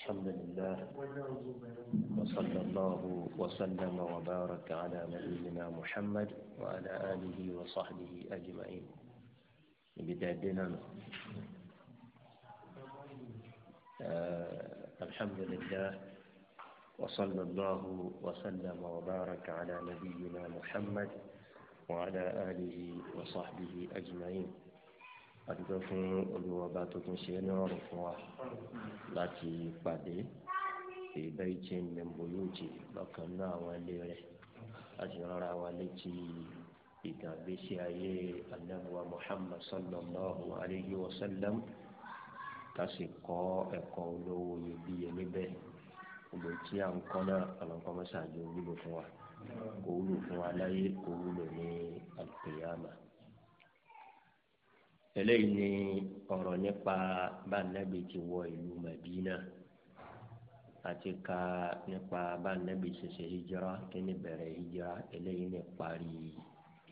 الحمد لله وصلى الله وسلم وبارك على نبينا محمد وعلى آله وصحبه أجمعين بدايتنا آه الحمد لله وصلى الله وسلم وبارك على نبينا محمد وعلى آله وصحبه أجمعين adúgbò fún olùwọba tó tún ṣe ní ọrùn fún wa láti pàdé ìbẹ́ ìjẹ mẹ́mbòlójì lọ́kàn náà àwọn ilé rẹ̀ láti rárá wa létí ìtàgbésí ayé anábùwà Muhammad sallallahu alayhi wa sallam ká sì kọ́ ẹ̀kọ́ olówó iyebíye níbẹ̀ gbogbo tí à ń kọ́ náà ọlọ́nkọ́ mọ́sàájú wúlò fún wa kò wúlò fún wa láyé kò wúlò ní àlùkìyámà eléyìí ni ọ̀rọ̀ nípa bá nàbì ti wọ ìlú Madina àti ka nípa bá nàbì ṣẹṣẹ hijira kíni bẹ̀rẹ̀ hijira eléyìí ni parí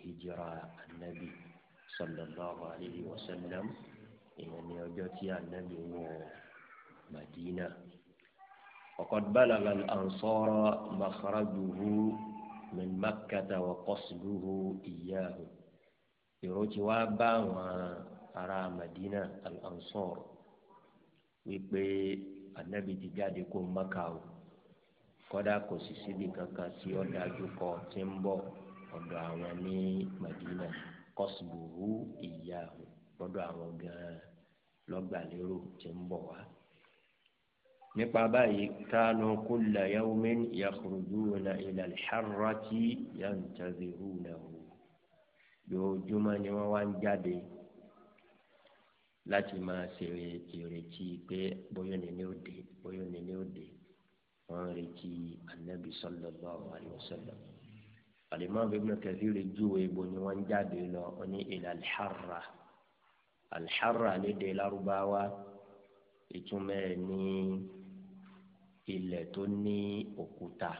hijira anabi sallallahu alayhi wa sallam ìyẹn ni ọjọ́ tí anabi wọ Madina. وقد بلغ الأنصار مخرجه من مكة وقصده إياه èrò ti wá bá àwọn ará Madina al-Ansar wípé anabi ti jáde kó Maka o kódà kò sì síbi kankan tí ó dájú kọ tí ń bọ̀ ọ̀dọ̀ àwọn ní Madina kọ́sùbùrú ìyá lọ́dọ̀ àwọn gan-an lọ́gbàlérò tí ń bọ̀ wá nípa báyìí kánú kulla yawmin yakhrujuna ila al-harrati yantazirunahu lójúmọ́ ni wọ́n wá ń jáde láti máa ṣe ìrètí pé bóyá ni ni ó dé bóyá ni ni ó dé wọ́n ń retí anabi sallallahu alaihi wasallam alimami ibn kathir júwe ibo ni wọ́n ń jáde lọ ní ilà alḥarra alḥarra lédè lárúbáwá ìtumọ̀ ẹ̀ ní ilẹ̀ tó ní òkúta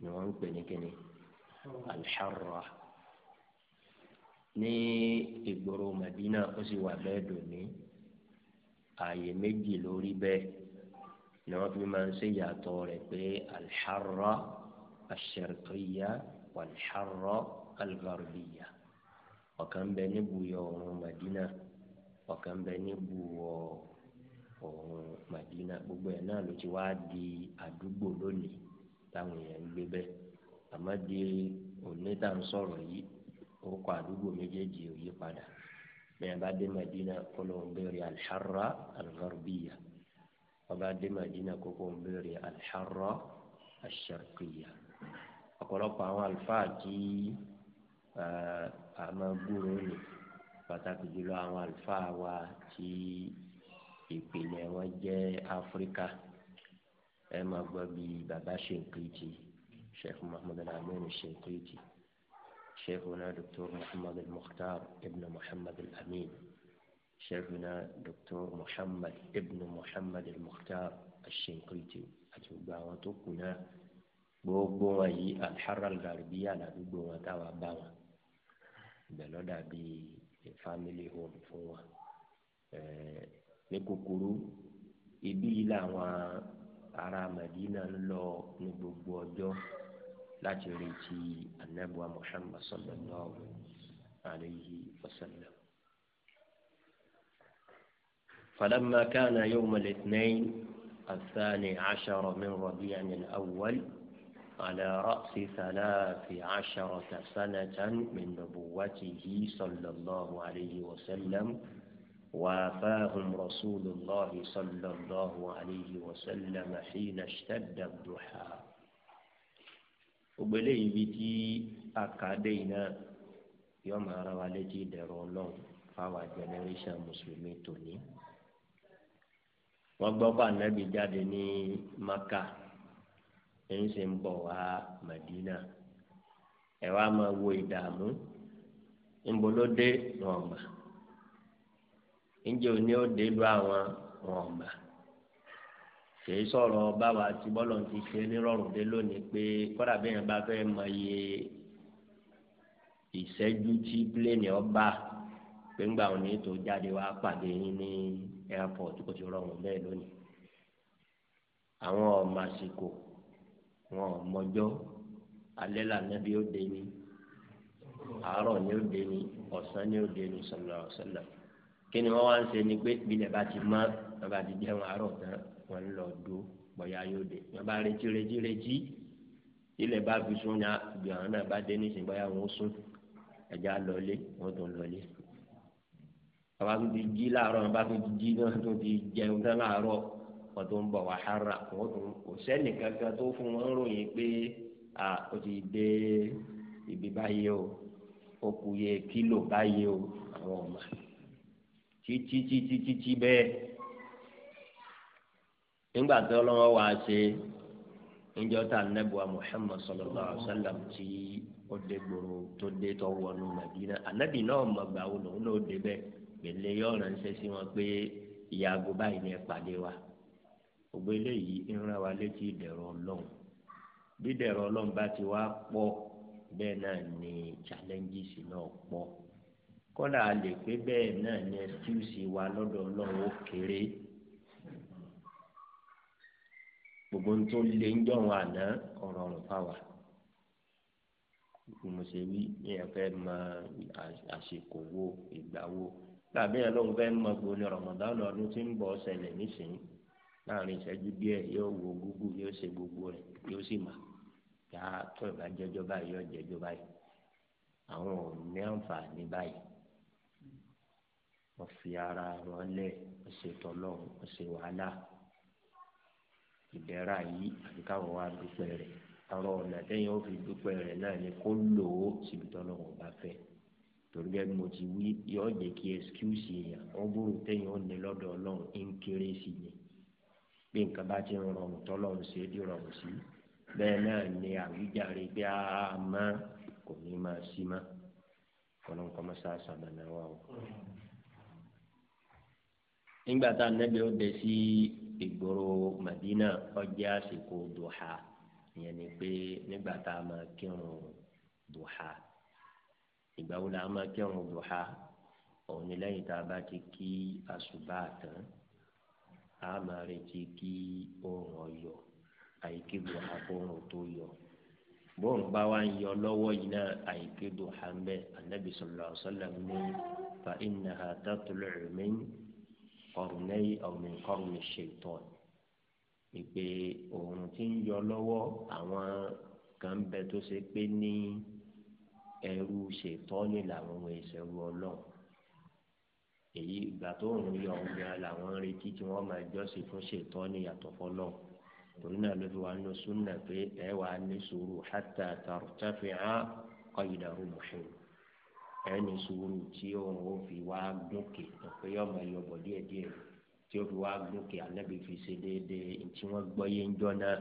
ni wọ́n ń pè ní kíni alḥarra ní ìgboro Madina ó sì wà bẹ́ẹ̀ dòní ààyè méjì lórí bẹ́ẹ̀ ni wọ́n fi máa ń ṣe yàtọ̀ rẹ̀ pé alḥarra ash-sharqiyya walḥarra al-gharbiyya ọ̀kan bẹ ní buyọ̀ ọ̀run Madina ọ̀kan bẹ ní buyọ̀ ọ̀run Madina gbogbo ẹ̀ náà ló ti wá di àdúgbò lónìí táwọn èèyàn ń gbé bẹ́ẹ̀ àmọ́ di òní ń sọ̀rọ̀ yìí orúkọ àdúgbò méjèèjì ò yí padà bẹ́ẹ̀ bá dé Madina kọ́lọ́ ń béèrè alḥarra algharbiya bàbá dé Madina kókó ń béèrè alḥarra asharkiya ọ̀pọ̀lọpọ̀ àwọn àlùfáà tí a máa gbúrò ní pàtàkì jùlọ àwọn àlùfáà wa tí ìpìlẹ̀ wọn jẹ́ Áfíríkà ẹ máa gbọ́ bí bàbá Shinkiti Sheikh Muhammad Al-Amin شيخنا دكتور محمد المختار ابن محمد الأمين شيخنا دكتور محمد ابن محمد المختار الشنقيطي أتوقع وتوقنا gbogbo wọn yìí alḥara garibiya la gbogbo wọn tá a wá bá wọn bẹlẹ dàbí family home fún wọn ní kúkúrú ibi yìí làwọn ará Madina ń lọ ní gbogbo ọjọ́ láti rí ti anabuwa muhammad sallallahu alayhi wa sallam. فلما كان يوم الاثنين الثاني عشر من ربيع الأول على رأس ثلاث عشرة سنة من نبوته صلى الله عليه وسلم وافاهم رسول الله صلى الله عليه وسلم حين اشتد الضحى gbogbo eléyìí bíi tí àkàdé yìí náà yóò máa ra wa létí ìdẹ̀rọ ọlọ́run fáwa generation mùsùlùmí tòní. wọ́n gbọ́ pé ànábì jáde ní maka ń sì ń bọ̀ wá madina ẹ wá máa wo ìdààmú ńbo ló dé wọn mà ńjẹ́ òní ó dé lu àwọn wọn mà kìí sọ̀rọ̀ báwa ti bọ́lọ̀ ti ṣe nírọ̀rùn dé lónìí pé kọ́dà bí yẹn bá fẹ́ mọ iye ìṣẹ́jú tí pílẹ̀nì ọba pé ńgbà wọn ní tó jáde wá pàdé yín ní airport kò ti rọrùn bẹ́ẹ̀ lónìí. àwọn ọmọ àsìkò wọn mọjọ́ alẹ́ lànà bí ó dé ní àárọ̀ ni ó dé ní ọ̀sán ni ó dé ní sọ̀lọ̀ sọ̀lọ̀ kí ni wọ́n wá ń ṣe ni pé ìbílẹ̀ bá ti mọ́ bàbá ti jẹun àárọ̀ tán wọn lọ do bóyá yóò dé wọn bá retí retí retí ilẹ̀ bá fi sún ya bí àwọn náà bá dé nísìnyí bóyá wọn ó sún ẹja lọlé wọn tó lọlé bàbá tó ti jí láàárọ̀ bàbá tó ti jí náà tó ti jẹun tán láàárọ̀ wọn tó ń bọ̀ wá hara wọn tó kò sẹ́ni kankan tó fún wọn ròyìn pé a ó ti dé ibi báyìí o ó kù yẹ kílò báyìí o àwọn ọmọ títí títí títí bẹ́ẹ̀ nígbà tó lọ́wọ́ wá ṣe níjọ́ tá anábùwà Muhammad sallallahu alaihi wasallam tí ó dé gbòòrò tó dé tó wọnú Madina anábì náà mọ̀ gbà wò lòun náà dé bẹ́ẹ̀ gbèlè yọ̀ ránṣẹ́ sí wọn pé ìyàgò báyìí ni ẹ pàdé wa gbogbo eléyìí ń rán wa létí ìdẹ̀rọ̀ ọlọ́run bí ìdẹ̀rọ̀ ọlọ́run bá ti wá pọ̀ bẹ́ẹ̀ náà ni challenges náà pọ̀ kọ́dà a pé bẹ́ẹ̀ náà ni excuse gbogbo ń tó lé ń dọ̀rùn àná ọ̀rọ̀ ọ̀rùn fáwà bí mo ṣe wí ní ẹ̀fẹ́ mọ àsìkò wo ìgbà wo tàbí ẹ̀ lóun fẹ́ mọ gbòòlì rọ̀mọ̀dánù ọdún tí ń bọ̀ ṣẹlẹ̀ nísìnyí láàrin ìṣẹ́jú díẹ̀ yóò wo gúgú yóò ṣe gbogbo rẹ̀ yóò sì mà yá tó ìbá jẹjọ báyìí yóò jẹjọ báyìí àwọn ò ní àǹfààní báyìí wọ́n fi ara wọn lẹ̀ ṣètò ọlọ́run ṣe wàhálà ìdẹ̀ra yìí àti káwọn wá dúpẹ́ rẹ̀ àwọn ọ̀nà tẹ́yìn ó fi dúpẹ́ rẹ̀ náà ni kó lò ó síbi tọ́lọ́ wọn bá fẹ́ torí gẹ́gẹ́ mo ti wí yọ jẹ́ kí ẹ́skúùsì yẹn wọ́n búrò tẹ́yìn ó ní lọ́dọ̀ ọlọ́run ń kéré sí ni bí nǹkan bá ti ń rọrùn tọ́lọ́run ṣe é dì rọrùn sí bẹ́ẹ̀ náà ni àwíjàre bí a máa kò ní máa sí máa kọ́nà kọ́mọ́sá sàmànà wa o nígbà tá anabi ó dé sí ìgboro Madina ọjọ́ àsìkò duha ìyẹn ni pé nígbà tá a máa kírun duha ìgbà wo la máa kírun duha òun ni lẹ́yìn tá a bá ti kí àsùbà tán a máa retí kí oòrùn ọyọ àyíké duha oòrùn tó yọ bóun bá wá ń yọ lọ́wọ́ yìí náà àyíké duha ń bẹ anabi sallallahu alaihi wasallam ní fa innaha tatlu'u min kọrùnẹ́yì ọ̀mìn kọrùnì ṣètò ìpè òòrùn tí ń yọ lọ́wọ́ àwọn kan ń bẹ tó ṣe pé ní ẹrú ṣètò ní làwọn ohun ìṣẹ̀rù ọlọ́run èyí ìgbà tó ń yọ ọ̀hún gan làwọn ń retí tí wọ́n máa jọ́sìn fún ṣètò yàtọ̀ fọlọ́run torí náà ló fi wá nínú súnà pé ẹ wàá ní sùúrù hátà tàrútàfíà kọ́ ìdàrú mọ̀ṣẹ́rù ẹni sùúrù tí òun ó fi wá gòkè pé ọmọ ẹyọ bọ̀ díẹ̀díẹ̀ tí ó fi wá gòkè anábì fi ṣe déédéé tí wọ́n gbọ́ yé ń jọ náà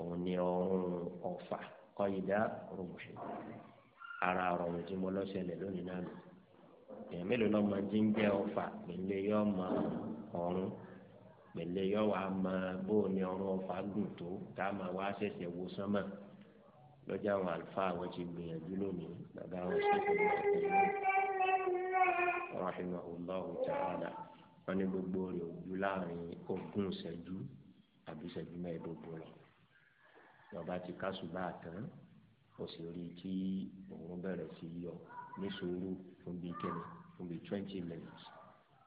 òun ni ọ̀run ọ̀fà kọ́yìdá rògbòṣe ara ọ̀rọ̀ mi tí mo lọ ṣẹlẹ̀ lónìí náà èèyàn mélòó náà máa ti ń jẹ́ ọ̀fà pẹ̀lẹ́ yọ ọmọ ọ̀run pẹ̀lẹ́ yọ wàá máa bóun ni ọ̀run ọ̀fà gùn tó tá a máa wá ṣẹ̀ṣẹ̀ wo sánmà lọ́jọ́ àwọn àlùfáà àwọn ti gbìyànjú lónìí bàbá àwọn ṣẹ́kọ̀ọ́ ìgbàgbọ́ rahimahullahu ta'ala wọn ní gbogbo rẹ̀ ojú láàrin ogún ìṣẹ́jú àbí ìṣẹ́jú mẹ́ẹ̀ẹ́dógún lọ lọ́ba ti kásùbà tán ó sì rí i tí òun bẹ̀rẹ̀ sí yọ ní sùúrù fún bíi kẹ́mi fún bíi twenty minutes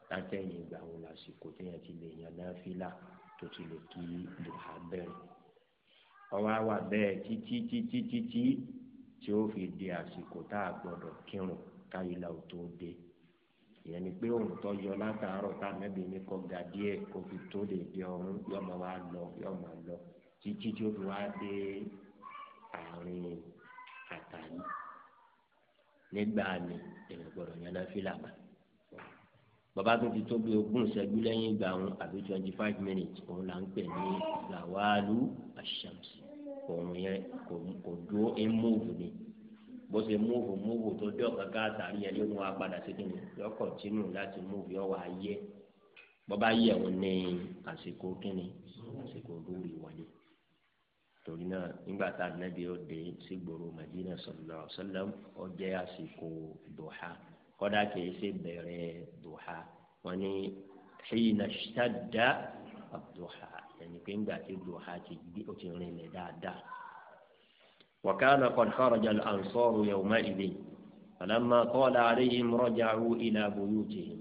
látẹ̀yìn ìgbà wo lásìkò téèyàn ti lè yan náà fílà tó ti lè kí lè ha bẹ̀rẹ̀ ọwọ́ àwà bẹ́ẹ̀ títí títí títí tí ó fi di àsìkò tá a gbọ́dọ̀ kírun káyìlá ò tó dé ìyẹn ni pé òun tó yọ látàárọ̀ tá ànábì ní kọ́ ga díẹ̀ kó fi tó lè di ọ̀run yọ máa wá lọ yọ máa lọ títí tí ó fi wá dé àárín àtàlí nígbà mi èèyàn gbọ́dọ̀ yẹn lọ fílà máa bàbá tó ti tó bí ogún ìṣẹ́jú lẹ́yìn ìgbà wọn àbí twenty five minutes òun là ń pè ní zawalu ashamsi òun yẹn kò dúró ń múùfù ni bó ṣe múùfù múùfù tó dé ọ̀kan ká àtàrí yẹn lóun wá padà sí kìnnìún yọ kọ̀tínù láti múùfù yọ wá yẹ bàbá yẹ òun ní àsìkò kínní àsìkò lórí wọlé torí náà nígbà tá a nàbí ó dé sígboro Madina sallallahu alaihi wasallam ó jẹ́ àsìkò dùhà kọ́dà kìí ṣe bẹ̀rẹ̀ duha wọn ni hina ṣáda duha ẹni pé ńgbà tí duha ti gbé ó ti rìn lẹ̀ dáadáa. وكان قد خرج الأنصار يومئذ فلما طال عليهم رجعوا إلى بيوتهم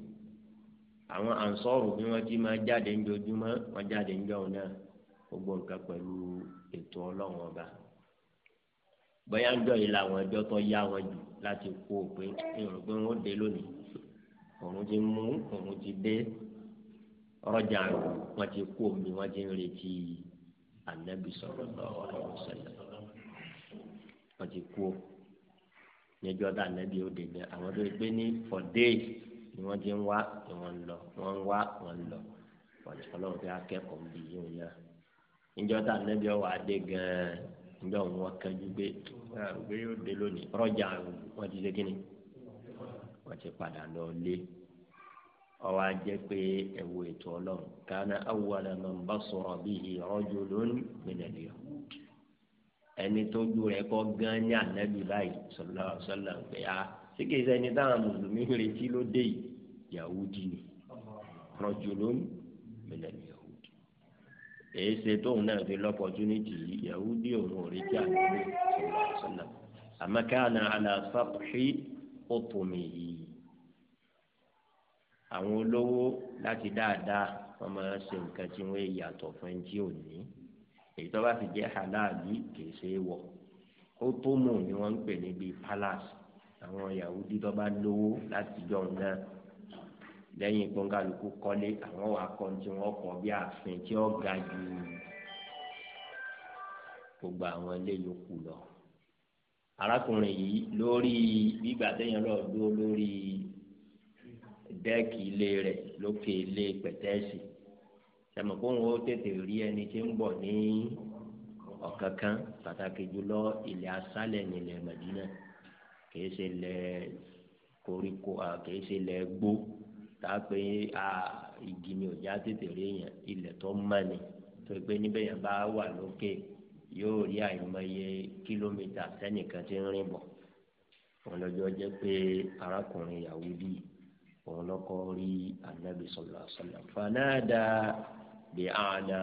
àwọn ansọ́rù bí wọ́n ti máa jáde ńjojúmọ́ wọ́n jáde ńjọ́ náà gbogbo nǹkan pẹ̀lú ètò ọlọ́run ọba bóyá ń jọ yìí làwọn ẹjọ́ tó yá wọn jù láti kú òpè èrò pé wọ́n dé lónìí òun ti mú òun ti dé rọjà wọn ti kú omi wọn ti ń retí anabi sallallahu alaihi wasallam wọn ti kú níjọ tá anabi ó dèbẹ àwọn tó gbé ní for days ni wọn ti ń wá ni wọn ń lọ wọn ń wá wọn ń lọ wọn ti fọlọ́wọ́ pé akẹ́kọ̀ọ́ ń bí yíyan níjọ tá anabi ó wà dé gan-an nígbà wọn wá kájú pé àrùgbé ah, yóò dé lónìí rọjà wọn ti ṣe kí ni wọn ti padà lọ lé ọwọ ajẹ pé ẹwọ ètò Ọlọ́run kana awwala man basara bihi rajulun min al-yahud ẹni tó ju rẹ kọ gan ní anabi báyìí sallallahu alaihi wasallam pé a ah, síkè sẹni táwọn mùsùlùmí retí ló dé yìí Yahudi ni rajulun min al-yahud èyí ṣe tóun náà fi lọ́pọ̀tunìtì yahudi òun ò rí tí a lè rí sọlá sọlá àmọ́ káàna aláṣàpọ̀ṣí òpòmì yìí àwọn olówó láti dáadáa wọ́n máa ṣe nǹkan tí wọ́n yàtọ̀ fún ẹni tí ò ní èyí tó bá sì jẹ́ halali kìí ṣe é wọ̀ ó tó mù ni wọ́n ń pè ní bíi palace àwọn yahudi tó bá lówó láti jọ náà lẹ́yìn gbọ̀ngàlùkù kọ́lé àwọn wà kọ́ tí wọ́n kọ́ bí ààfin tí ó ga jù gbogbo àwọn ilé yòókù lọ. arákùnrin yìí lórí gbígbà téèyàn lọ dúró lórí dẹ́ẹ̀kì ilé rẹ̀ lókè ilé pẹ̀tẹ́ẹ̀sì sẹ́mi kó wọn ó tètè rí ẹni tí ń bọ̀ ní ọ̀kánkán pàtàkì jùlọ ilẹ̀ asálẹ̀ nílẹ̀ Mẹ̀dínà kìí ṣe lẹ̀ koríko kìí ṣe lẹ̀ gbó tàà pé a igi ni òjá tètè rí yẹn ilẹ̀ tó mọ́ ni tó pé níbẹ̀ yẹn bá wà lókè yóò rí àyùmọye kìlómítà sẹ́nìkan tí ń rìn bọ̀ òun lọ́jọ́ jẹ́ pé arákùnrin Yahudi òun lọ́kọ́ rí anabi sọlá sọlá fanáàdà bí àdá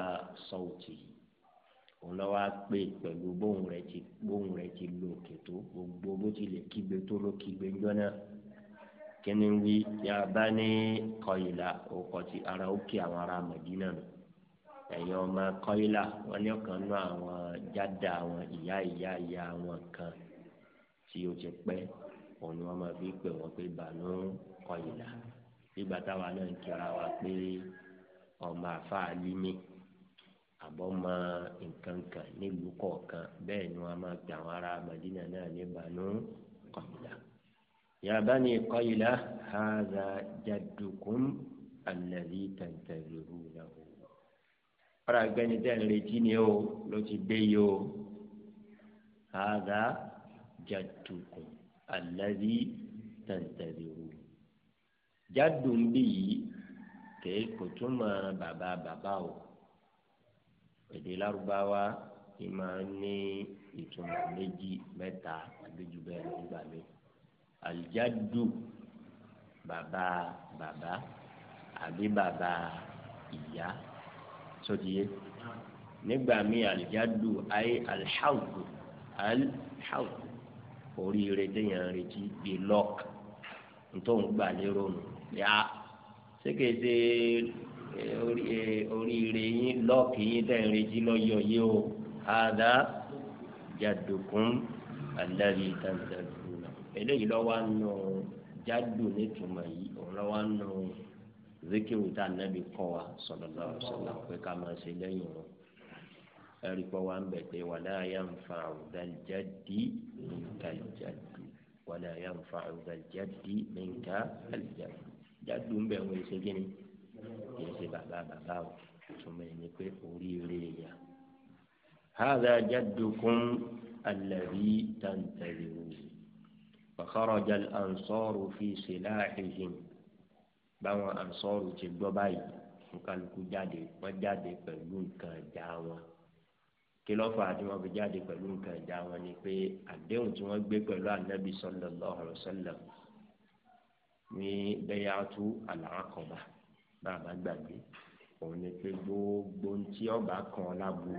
sọ́ọ̀tì òun lọ́wọ́ á pè pẹ̀lú bóun rẹ̀ ti bóun rẹ̀ ti lò òkè gbogbo bó tilẹ̀ kígbe tó ló kígbe ńjọ́ náà kíni wí ya bá ní kọyìlà òkò tí ara òkè àwọn ará Mẹdínà nù ẹ̀yin ọmọ kọyìlà wọn ní ọ̀kan nú àwọn jáde àwọn ìyá ìyá ìyá àwọn kan tí ó ti pẹ́ òun ni wọ́n máa fi pè wọ́n pé bànú kọyìlà nígbà táwa náà ń kíra wa pé ọmọ àfáà límì àbọ̀ mọ nǹkan kan nílùú kọ̀ọ̀kan bẹ́ẹ̀ ni wọ́n máa gbà àwọn ará Mẹdínà náà ní bànú kọyìlà. يا بني قيلة هذا جدكم الذي تنتظرونه ọ̀rọ̀ àgbẹni tẹ́ ń retí ni ó ló ti dé yìí ó هذا جدكم الذي تنتظرونه jádù ń bí yìí kèé kò tún mọ bàbá bàbá o èdè lárúbáwá ti máa ń ní ìtumọ̀ méjì mẹ́ta àbí jù bẹ́ẹ̀ nígbà míì alijadu bàbá bàbá àbí bàbá ìyá sọdíye nígbà míì alijadu ayé alihawdu alihawdu oríire déyàn retí bíi lọk ntòun gbà lérò nù yá sékèsè oríire yín lọ́ọ̀kì yín tẹ̀ ń retí lọ́yọ̀ yìí o àdá jàdùkún àdáyé tàǹtàǹtà eléyìí lọ́wọ́ nù jádù nítumọ̀ yìí òun lọ́wọ́ nù zikiru tá anabi kọ́ wa sallallahu alaihi wasallam pé ká máa ṣe lẹ́yìn wọn ẹ̀rí pọ̀ wá ń bẹ̀ pé wala yanfa'u dhal jaddi minkal jaddi wala yanfa'u dhal jaddi minkal jaddi jádù ń bẹ̀ wọ́n ṣe kí ni kì í ṣe bàbá bàbá o túmọ̀ ẹni pé oríire yà hadha jaddukum alladhi tàǹtẹ̀lẹ̀ wò. فخرج الأنصار في سلاحهم báwọn ansọ́ọ̀rù ti gbọ́ báyìí nkálukú jáde wọ́n jáde pẹ̀lú nǹkan ìjà wọn kí ló fà tí wọ́n fi jáde pẹ̀lú nǹkan ìjà wọn ni pé àdéhùn tí wọ́n gbé pẹ̀lú anabi sallallahu alaihi wasallam ní bay'atu al-Aqaba bàbá gbàgbé òun ni pé gbogbo tí ọba kan láburú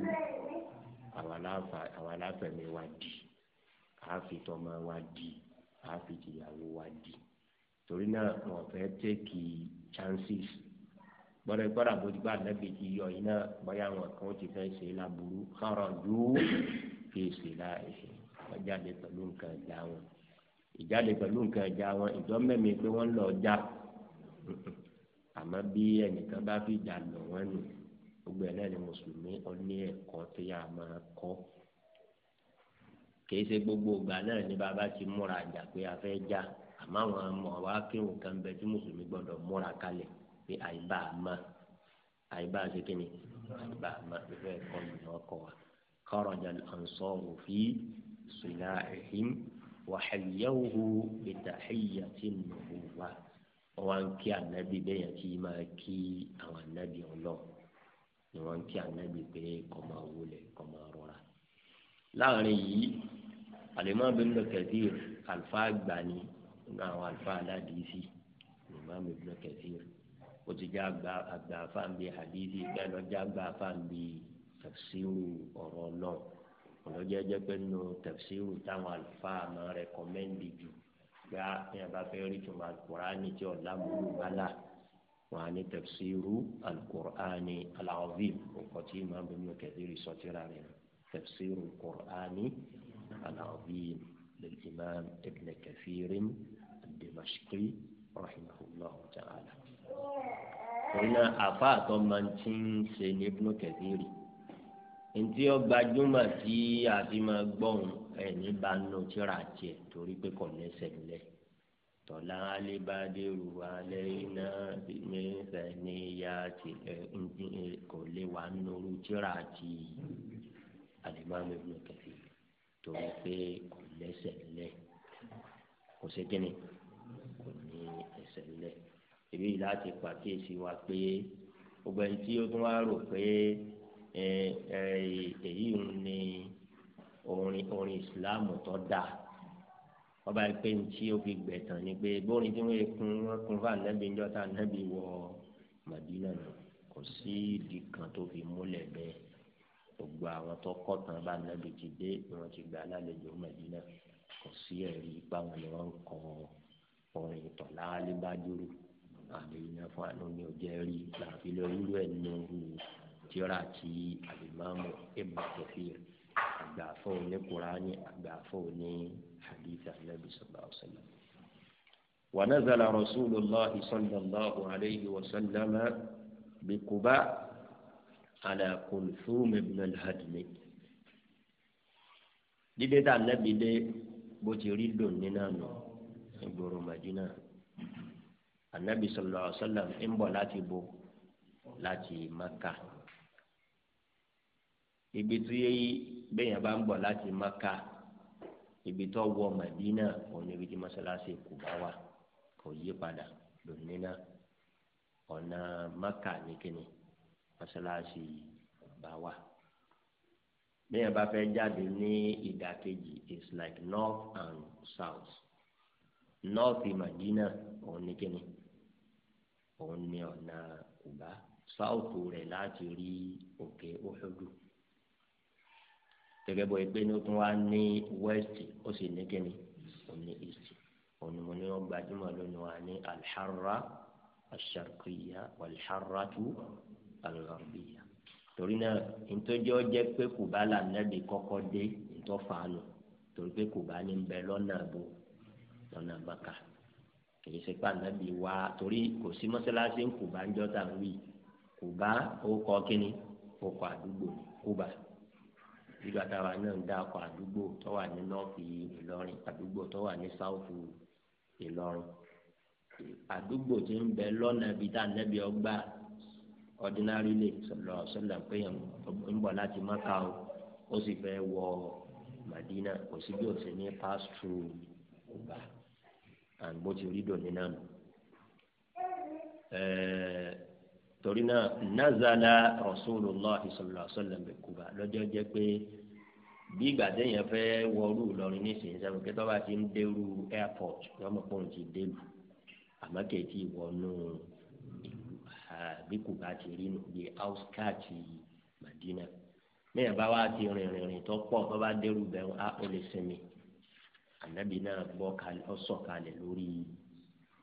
àwọn aláfẹ̀mí wa di àáfitọ́ máa wa di á fi tìyàwó wa di torí náà wọn fẹ́ tẹ́kì chances gbọ́dọ̀ gbọ́dọ̀ àbójúgbà nẹ́bí ti yọ iná bóyá wọn kan ti fẹ́ ṣe láburú kárọ̀ yóò fi ṣe láàyè wọ́n jáde pẹ̀lú nǹkan ẹ̀já wọn ìjáde pẹ̀lú nǹkan ẹ̀já wọn ìjọ mẹ́mi pé wọ́n lọ já àmọ́ bí ẹnìkan bá fi jà lọ wọ́n nù gbogbo ẹ̀ náà ni mùsùlùmí ọ ní ẹ̀kọ́ tó yà máa kọ́ kìí ṣe gbogbo ìgbà náà ni bàbá ti múra jà pé a fẹ́ já àmọ́ àwọn ọmọ wa kírun kan bẹ tí mùsùlùmí gbọ́dọ̀ múra kalẹ̀ pé àìbá àmọ́ àìbá ṣe kí ni àìbá àmọ́ ìfẹ́ ẹ̀kọ́ yìí ọkọ̀ wa kọ́rọ̀jà ànsọ́ òfin sùlá ẹ̀hìn wàhálìyàwó ìtàhìyàtì nùbùwà wọn ń kí ànábì bẹ́ẹ̀ tí máa kí àwọn ànábì ọlọ́ọ̀ ni wọ́n ń kí ànábì pé kó máa wọlé kó máa rọra láàrin yìí àlèmọ́ Ibn Kathir àlùfá àgbàní nínú àwọn àlùfá aládìísí àlèmọ́ Ibn Kathir ó ti jẹ́ àgbà fáǹbì hadisi bẹ́ẹ̀ lọ́jà àgbà fáǹbì tafsiru ọ̀rọ̀ náà ọlọ́jẹ́ jẹ́ pé nínú tafsiru táwọn àlùfá máa rẹkọmẹ́ndì jù pé àyàn bá fẹ́ rí tuma alukur'ani ọ̀la múlù bala wọn á ní tafsiru alukur'ani al-azim òkò تفسير القرآن العظيم للإمام ابن كثير الدمشقي رحمه الله تعالى هنا أفات من تنسين ابن كثير ntí ọgbàdúmọ̀ tí a fi máa gbọ́hùn ẹni bá nù tíra tiẹ̀ torí pé kò lẹ́sẹ̀ lẹ̀ tọ́lá alébádéru alẹ́ iná mẹ́fẹ̀ẹ́ ní ya ti ẹ̀ kò lè wà nù tíra tiẹ̀ alimami Ibn Kathir torí eh. pé kò lẹ́sẹ̀ lẹ́ kò sí kíni kò ní ẹsẹ̀ lẹ́ èyí láti pàkíyèsí wa pé gbogbo ẹni tí ó tún wá rò pé èyí ni orin orin ìsìláàmù tó dáa wọ́n bá pé ní tí ó fi gbẹ̀tàn ni pé bórin tí wọ́n kun wọ́n fún ànábì ńjọ́ tá wọ Màdínà kò sí ìdí kan tó fi múlẹ̀ bẹ́ẹ̀ gbogbo àwọn tó kọ́ tán bá nàbì ti dé wọn ti gbà lálejò mẹ́dínà kò sí ẹ̀rí ipá wọn ni wọ́n ń kọ orin ìtàn láálébájúrò àmì iná fún àánú ni ò jẹ́ rí làbí lórí ẹ̀ nínú tíra ti àlìmáàmù Ibn àgbàfọ́ ní àgbàfọ́ ní hadith Ànábì sallallahu alaihi wasallam. ونزل رسول الله صلى الله عليه وسلم بقباء على كلثوم بن الهدم dídé tá nàbí dé bó ti rí dòní náà nù ìgboro madina anabi sọlọ sọlọm ń bọ̀ láti bo láti maka ibi tó yẹ bẹyàn bá ń bọ̀ láti maka ibi tó madina òun ibi tí masalasi kù bá wà kò yí padà dòní náà ọ̀nà maka nìkíni mọ́ṣáláṣí bá wà bẹ́ẹ̀ bá fẹ́ jáde ní ìdàkejì is like north and south north Madina òun ní kíni òun ní ọ̀nà Kùbá south rẹ̀ láti rí òkè Uhudu gẹ́gẹ́ bọ́ ẹgbẹ́ ni ó tún wá ní west ó sì ní kíni òun ní east òun ni mo ní wọ́n gbajúmọ̀ lónìí wa ní alḥarra asharkiya walḥarratu alùpàbíyà torí náà ntọ́jọ́ jẹ́ pé kùbá la nẹ́bi kọ́kọ́ dé ntọ́fàánù torí pé kùbá ní bẹ lọ́nà àbò lọ́nà maka kìí ṣe pé ànábì wá torí kò sí mọ́sálásí ń kùbá ń jọ́ta ń wí kùbá ó kọ́ kínní ó kọ́ àdúgbò kùbá nígbà táwa náà ń dá ọkọ̀ àdúgbò tó wà ní nọ́ọ̀fì ìlọrin àdúgbò tó wà ní sáùfù ìlọrin àdúgbò tí ń bẹ lọ́nà ibi tá ànábì ọgbà ordinary lè sọlọ sọlọ pé ń o ó sì wọ Madina kò sí bí òsè ní pass through and bó ti rí dòní náà nù. Eh, torí náà nazala rasulullah sọlọ sọlọ bẹ Kuba lọ́jọ́ jẹ́ pé bí ìgbà téèyàn fẹ́ wọlú nísìnyí sábà tọ́ba ti ń dérú airport lọ́mọ Ah, bí kò bá ti rí nu auskati Madina mẹ́yìn bá wá ti rìn rìn rìn tó pọ̀ a bá dérú bẹ́ẹ̀ á ah, ó lè sinmi ànábì náà lórí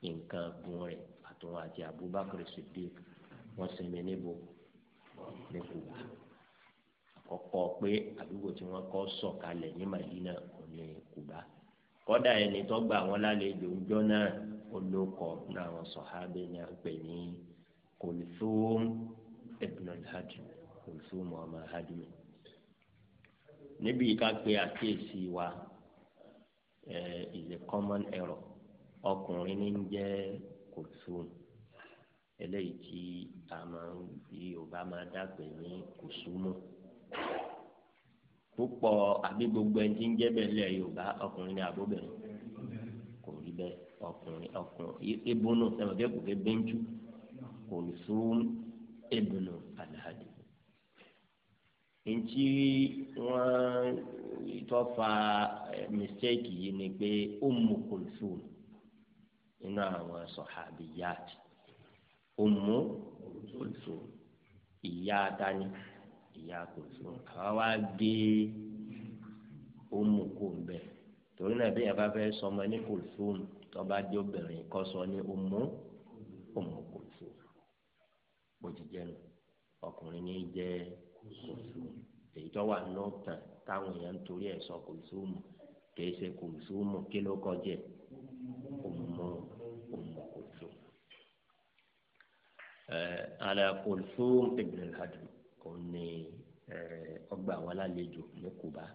nǹkan gun rẹ̀ àtúnwò Abubakar Siddiq wọ́n sinmi níbo ní àkọ́kọ́ pé àdúgbò tí wọ́n kọ́ sọ̀ kalẹ̀ ní Madina kò ní kọ́dà ẹni tó gba àwọn lálejò náà ó Kulthum ibn al-Hadim Kulthum ọmọ Hadim níbi ká pé àkíyèsí wa is a common error ọkùnrin ní ń jẹ́ Kulthum eléyìí tí a máa ń fi yorùbá máa dàgbé ní kùsùmù púpọ̀ àbí gbogbo ẹni tí ń jẹ́ bẹ́ẹ̀ lẹ̀ yorùbá ọkùnrin ní àbóbẹ̀rẹ̀ kò rí bẹ́ẹ̀ ọkùnrin ọkùnrin ibùnú sẹ́wọ̀n kẹ́kọ̀ọ́ kẹ́ bẹ́ńtù kòlùsùn ẹ̀dùnú àdáhàdì. Ntí wọ́n tọ́fà eh, mistake yìí ni pé Ummu Kulthum nínú àwọn sahabiyat Ummu Kulthum ìyá dání ìyá Kulthum àwọn wá gbé Ummu kò ń bẹ̀ torí náà bí yàrá fẹ́ sọmọ ní Kulthum tọ́ba dé obìnrin kọ́ ní Ummu Ummu Kulthum bó ti jẹ́ nù ọkùnrin ní jẹ́ kùsùmù èyí tó wà nù tàn táwọn èèyàn ń torí ẹ̀ sọ kùsùmù kìí ṣe kùsùmù kí ló kọjẹ́ ọmọ ọmọ kùsùmù. ala kulthum ibn kò ní ọgbà wọn lálejò ní kuba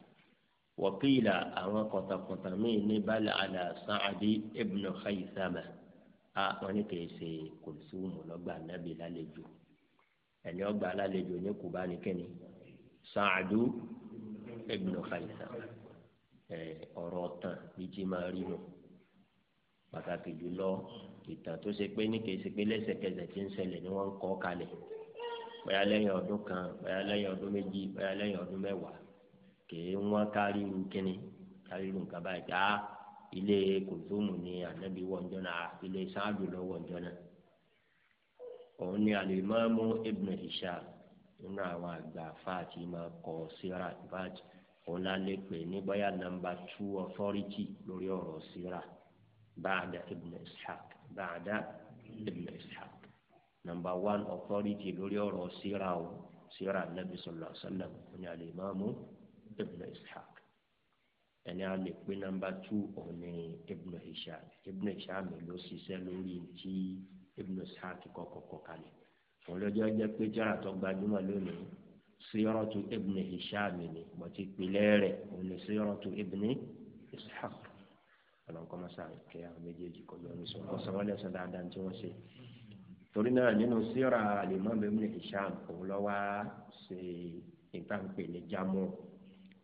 wọ́kìlà àwọn kọ̀tàkọ̀tà míì ní balẹ̀ ala sa'adi ibn khaythama a wọn ní kì í ṣe kòlùsùmù lọ́gbà nábì lálejò ẹni ọgbà lálejò ní kùbá ní kíni Sa'adu ibn Khaytham ẹ ọ̀rọ̀ tán bíi tí máa rí mu pàtàkì jùlọ ìtàn tó ṣe pé ní kì í ṣe pé lẹ́sẹ̀kẹsẹ̀ tí ń ṣẹlẹ̀ ni wọ́n ń kọ kalẹ̀ bóyá lẹ́yìn ọdún kan bóyá lẹ́yìn ọdún méjì bóyá lẹ́yìn ọdún mẹ́wàá kì í wọ́n kárí irú kíni kárí irú nǹkan báyìí dáa ilé kùtùmù ni ànábi wọ̀njọ́ náà ilé sáájú lọ wọ̀njọ́ náà òun ni alimami ibn hisham nínú àwọn àgbà fáàtì máa kọ síra fáàtì òun la lè pè ní bóyá nọ́mbà two authority lórí ọ̀rọ̀ síra báàdà ibn ishaq báàdà ibn ishaq nọ́mbà one authority lórí ọ̀rọ̀ síra o síra nabi sallallahu òun ni alimami ibn ishaq ẹni a lè pe nọ́mbà tú òní Ibn Hisham Ibn Hisham ló ṣiṣẹ́ lórí tí Ibn Ishaq kọ́kọ́ kọ kalẹ̀ òun lọ́jọ́ jẹ́ pé tíra tó gbajúmọ̀ lónìí Siratu Ibn Hisham ni bọ́tí pilẹ̀ rẹ̀ òní Siratu Ibn Ishaq ọlọ́run kọ́ mọ́sá kẹ́ àwọn méjèèjì kọ́ lọ́run sọ ọ́ sọ wọ́n lẹ́sọ̀ dáadáa tí wọ́n ṣe torí náà nínú síra al-Imam Ibn Hisham òun lọ́wọ́ ṣe ìtànpẹ̀ ní jámọ́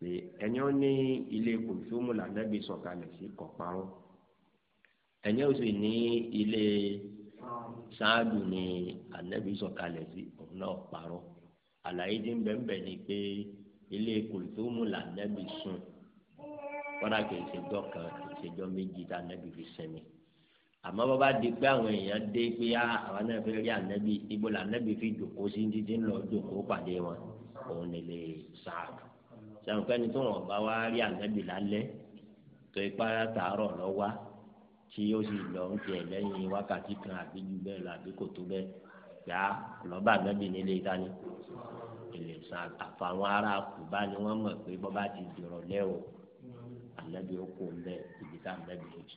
pé ẹni ó ní ilé kùsùmù lànàbí sọ̀kalẹ̀ sí kọ̀parọ́ ẹni sì ní ilé sáàdù ní ànàbí sọ̀kalẹ̀ sí òun náà parọ́ àlàyé tí ń ni pé ilé kùsùmù lànàbí sùn kọ́dà kì í ṣèjọ́ kan kì í ṣèjọ́ méjì tá ànábì fi sẹ́mi àmọ́ bá bá di pé àwọn èèyàn dé pé àwọn náà fẹ́ rí ànábì ibo là ànábì fi jòkó sí títí ńlọ jòkó pàdé wọn òun nílé sáàdù sànkẹ́ni tó wọn bá wá rí ànábì lálẹ́ tó ipá látàárọ̀ lọ wá tí ó sì lọ ń tiẹ̀ lẹ́yìn wákàtí kan àbí ju bẹ́ẹ̀ lọ àbí kò tó bẹ́ẹ̀ yá lọ́ba ànábì nílé dání àfàwọn ará kùbá ni wọ́n mọ̀ pé ti ó kó ibi tá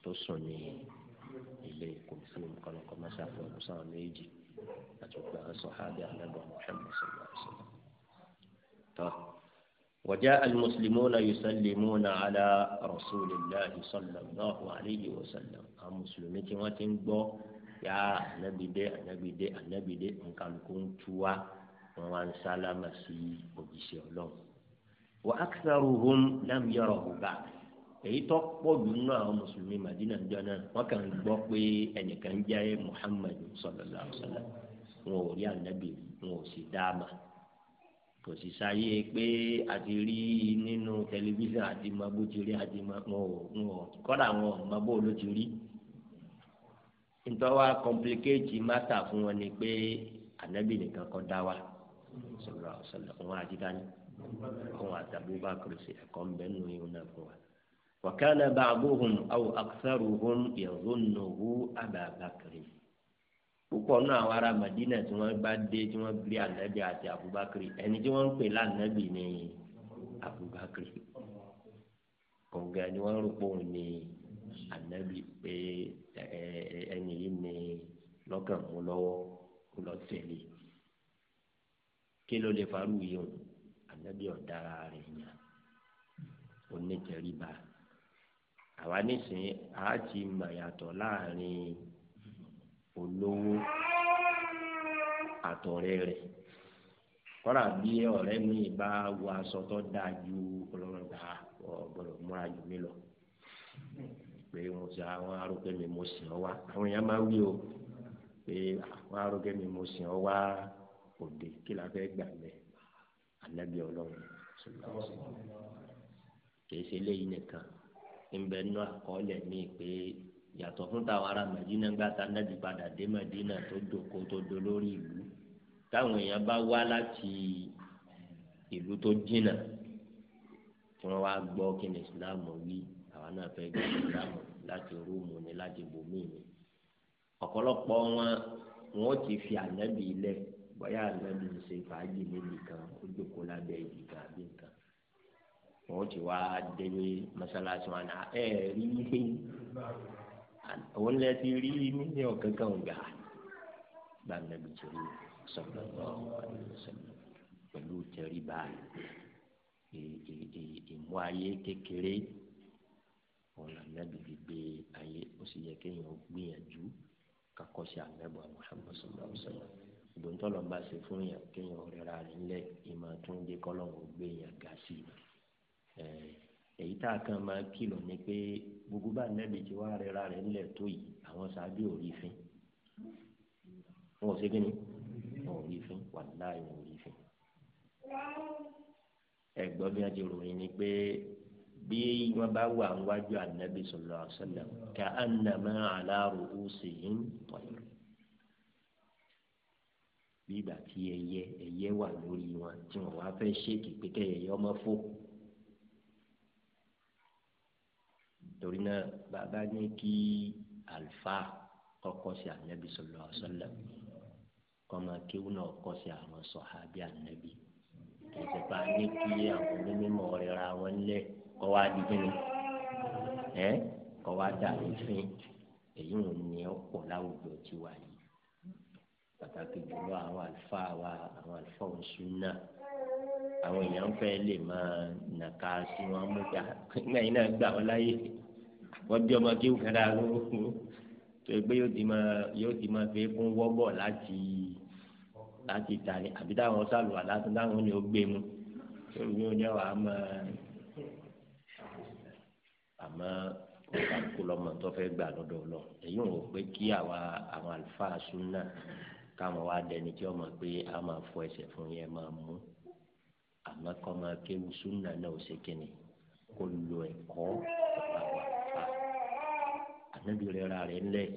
tó sùn ní ilé kò sí nǹkan méjì àti وجاء المسلمون يسلمون على رسول الله صلى الله عليه وسلم المسلمين تيماتين بو يا نبي دي نبي دي نبي دي ان كان كون توا وان سلام سي اوجيسي الله واكثرهم لم يره بعد èyí tó pọ̀ jù nínú àwọn mùsùlùmí madina jọ náà wọ́n kàn gbọ́ pé ẹnìkan jẹ́ muhammadu sallallahu alaihi wọn ò rí ànábì wọn ò sì dáa máa kò sì sáyé pé àti rí nínú tẹlifíṣàn àti mọ bó ti rí àti mọ wọn ò wọn ò kọ́dà wọn ò mọ bó ló ti rí ntọ́wá kọ́mplikéètì mátà fún wọn ni pé ànábì nìkan kọ́ dá wa sọlọ sọlọ wọn àti dání wọn àtàbí bá kìrìsì ẹ̀kọ́ ń nù yín náà fún wa. وكان بعضهم أو أكثرهم يظنه أبا بكر púpọ̀ náà àwọn ará Madina tí wọ́n bá dé tí wọ́n bí anabi àti Abubakari ẹni tí wọ́n ń pè lánàbì ní Abubakari ọ̀gá ni wọ́n rò pé òun ní anabi pé ẹni yìí ní lọ́kàn mú lọ́wọ́ kó lọ tẹ̀lé kí ló lè farú yìí o anabi ọ̀dára rẹ̀ yàn onítẹ̀ríba àwa nísìnyí àá ti mọ̀ yàtọ̀ láàrin olówó àtọ̀rẹ́ rẹ̀ kọ́ra bí ọ̀rẹ́ mi bá wọ aṣọ tó dáa ju ọlọ́dà ọ̀gbọ́dọ̀ múra jù mí lọ pé mo ṣe àwọn arúgbó mi mo sìn ọ́ wá àwọn èèyàn máa wí o pé àwọn arúgbó mi mo sìn ọ́ wá òde kí la fẹ́ gbà mẹ́ ànábì ọlọ́run kì í ṣe eléyìí nìkan ń bẹ nú àkọọ́lẹ̀ mi pé yàtọ̀ fún táwọn ará mẹ̀dínà gbà tá nẹ́bí padà dé mẹ̀dínà tó dòkó tó do lórí ìlú táwọn èèyàn bá wá láti eh, ìlú tó jìnnà tí wọ́n wá gbọ́ kí ni ìsìláàmù wí àwa náà fẹ́ gbé ìsìláàmù láti rúùmù ni láti bòmí ni ọ̀pọ̀lọpọ̀ wọn wọn ti fi ànábì ilẹ̀ bóyá ànábì ń ṣe fàájì níbi kan ó jókòó lábẹ́ ibì kan àbí nǹkan wọn ti wá délé mọ́sálásí wọn náà ẹ̀ẹ́rí òun lẹ ti rí mílíọ̀n kankan gbà bá nàbì tẹ̀lé sọ̀rọ̀ pẹ̀lú tẹ̀ríba ìmú ayé kékeré òun lànàbì fi gbé ayé ó sì yẹ kéèyàn gbìyànjú kakọ́sí ànábọ̀ Muhammad sallallahu alaihi wasallam ìgbóntọ́lọ̀ ń bá ṣe fún yàn kéèyàn rẹ̀ ra rẹ̀ ńlẹ̀ ìmọ̀ tó ń dé kọ́lọ́hún gbé yàn gà sí i èyí tá a kàn máa kìlọ̀ ni pé gbogbo bá nẹ́bi tí wàá rẹ́ra rẹ̀ ńlẹ̀ tó yìí àwọn sáájú ò rí fín wọn ò ṣe kí ni wọn ò rí fín wàláhì wọn ò rí fín. ẹ̀gbọ́n bí wọ́n ti ròyìn ni pé bí wọ́n bá wà níwájú ànábì sallallahu alaihi wasallam ká ànàmọ́ aláàrò ó sì ń tọ̀yọ̀ bí ìgbà tí ẹyẹ ẹyẹ wà lórí wọn tí wọn wá fẹ́ ṣèkì pé kẹyẹ ọmọ fò. torí náà bàbá ní kí àlùfáà kọ́kọ́ sí ànábì sọlọ ọsọlọ kọmọ kéwù náà kọ́ sí àwọn sọ̀hábí ànábì ìjọba ní kí àwọn onímọ̀ rẹra wọn lẹ̀ kọ́ wá di kíni ẹ́ kọ́ wá dà lófin èyí ò ní ọ̀pọ̀ láwùjọ tí wà yìí pàtàkì jùlọ àwọn àlùfáà wa àwọn àlùfáà òṣùnà àwọn èèyàn fẹ́ lè máa nàka sí wọn mú ká nígbà náà gbà wọn láyè wọ́n bí ọmọ kéwù kan dáa ló tó yẹ pé yóò ti máa yóò ti máa fi kún wọ́bọ̀ láti láti tàlẹ́ àbí táwọn sàlùwà láti táwọn ni ó gbé mu tó yóò ní wa máa àmọ́ kó lọ́mọ tó fẹ́ gbà lọ́dọ̀ lọ èyí ò pé kí àwa àwọn àlùfáà súnà káwọn wá dẹni tí wọ́n pé a máa fọ ẹsẹ̀ fún yẹn máa mú àmọ́ kọ́ máa kéwu súnà náà ó ṣe kíni kó lo ẹ̀kọ́ ọ̀pá wa ànábì rẹ̀ ra rẹ̀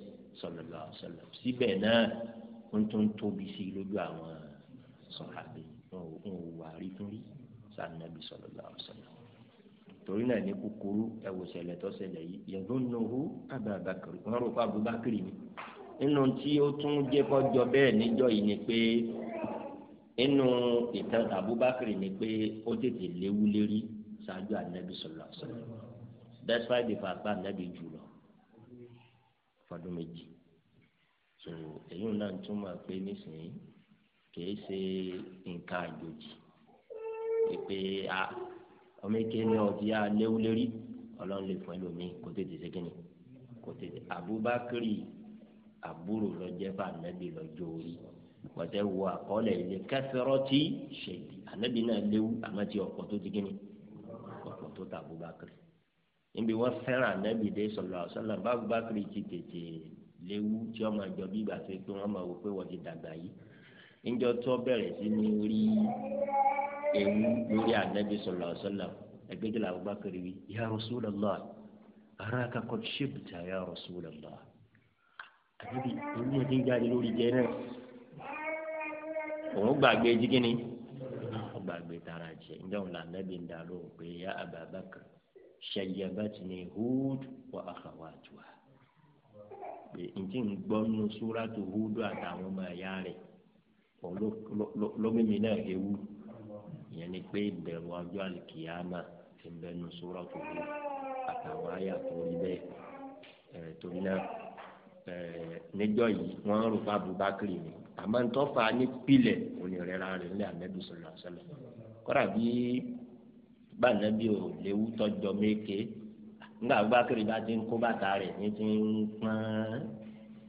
sọlọlọ sọlọ síbẹ̀ náà ń tún tóbi sí i lójú àwọn sọ̀hábì ń wà rí fún rí sànàbì sọlọlọ sọlọ torí náà ní kúkúrú ẹwò ṣẹlẹ̀ tó ṣẹlẹ̀ yìí yẹ̀dó nùhú abàbàkiri wọn rò fún abubakiri ni nínú tí ó tún jẹ́ kọjọ bẹ́ẹ̀ níjọ́ yìí ni pé inú ìtàn abubakiri ni pé ó tètè léwu lérí ṣáájú anabi sọlọ sọlọ despite the fact pé anabi jù lọ fọdún méjì so èyí náà túmọ̀ pé nísìnyí kìí ṣe nǹkan àjòjì pé a ọmọ eke ní ọtí a léwúlérí ọlọ́run lè fún ẹlòmíì kó tètè ṣe kínní kó tètè abubakari àbúrò lọ́jẹ́ fún anabi lọ́jọ́ orí pọ̀tẹ́ wo àkọọ́lẹ̀ ilé kẹfẹ́rọ́ tí ṣèdí anabi náà léwu àmọ́ tí ọ̀pọ̀ tó ti kínní ọ̀pọ̀ tó ta abubakari níbi wọ́n fẹ́ràn anábì dé sọ̀rọ̀ àṣọlá báwo bá kiri ti tètè léwu tí ọmọ ìjọ bí ìgbà tó pé wọ́n máa wò pé wọ́n ti dàgbà yìí níjọ tó bẹ̀rẹ̀ sí ní rí ewu lórí anábì sọ̀rọ̀ àṣọlá ẹgbẹ́jọ́ làwọn bá kiri wí ya Rasulullah ara kakọ ṣébùtà ya Rasulullah àbíbi ewu ẹ̀ ti ń jáde lórí jẹ náà òun gbàgbé jíkínni ó tara jẹ níjọ́ wọn làǹdẹ́bí ń dà pé ya Abubakar ṣayyabatni Hud wa akhawatuha pé ntí ń gbọ́ nínú súrátù Hud àtàwọn ọmọ ẹ̀yà rẹ̀ lọ́mímí náà ewu ìyẹn ni pé ìbẹ̀rù ọjọ́ àlìkìyàmà ti ń bẹ nínú súrátù Hud àtàwọn àyà tó rí bẹ́ẹ̀ ẹ̀ torí náà níjọ yìí wọn rò fún Abubakar ni àmọ́ ntọ́fà ní pilẹ̀ òní rẹ̀ rárẹ̀ nílẹ̀ Ànábì sallallahu bíi bá nàbí ò léwu tọjọ méke nígbà Abubakar bá ti ń kó bàtà rẹ̀ ní ti ń pọ́n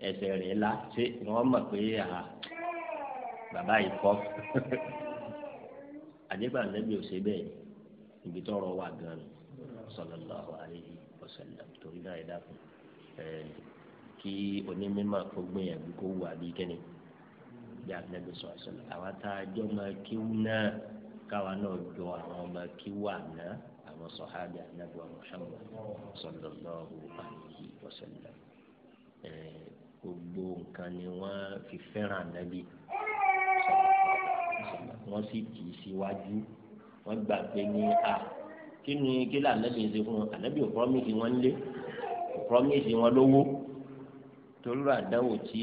ẹsẹ̀ rẹ̀ la ṣé wọ́n mọ̀ pé bàbá yìí kọ́ àdébà nàbí ò ṣe bẹ́ẹ̀ ibi tọrọ wà gan-an sallallahu alayhi wa sallam torí náà ẹ dákun kí onímọ̀ kó gbìyànjú kó wà bí kẹ́ni bí Ànábì sallallahu alayhi wa sallam àwa tá a jọ máa kíw náà káwa náà jọ àwọn ọmọ kí wà ná àwọn sọ̀hádà nàbọ̀ Muhammad sallallahu alaihi wasallam gbogbo nǹkan ni wọ́n fi fẹ́ràn nàbí wọ́n sì tì í síwájú wọ́n gbà pé ní a kí ni kí lè ànábì ń ṣe fún wọn ànábì ò promise wọn lé ò promise wọn lówó torí àdáwò tí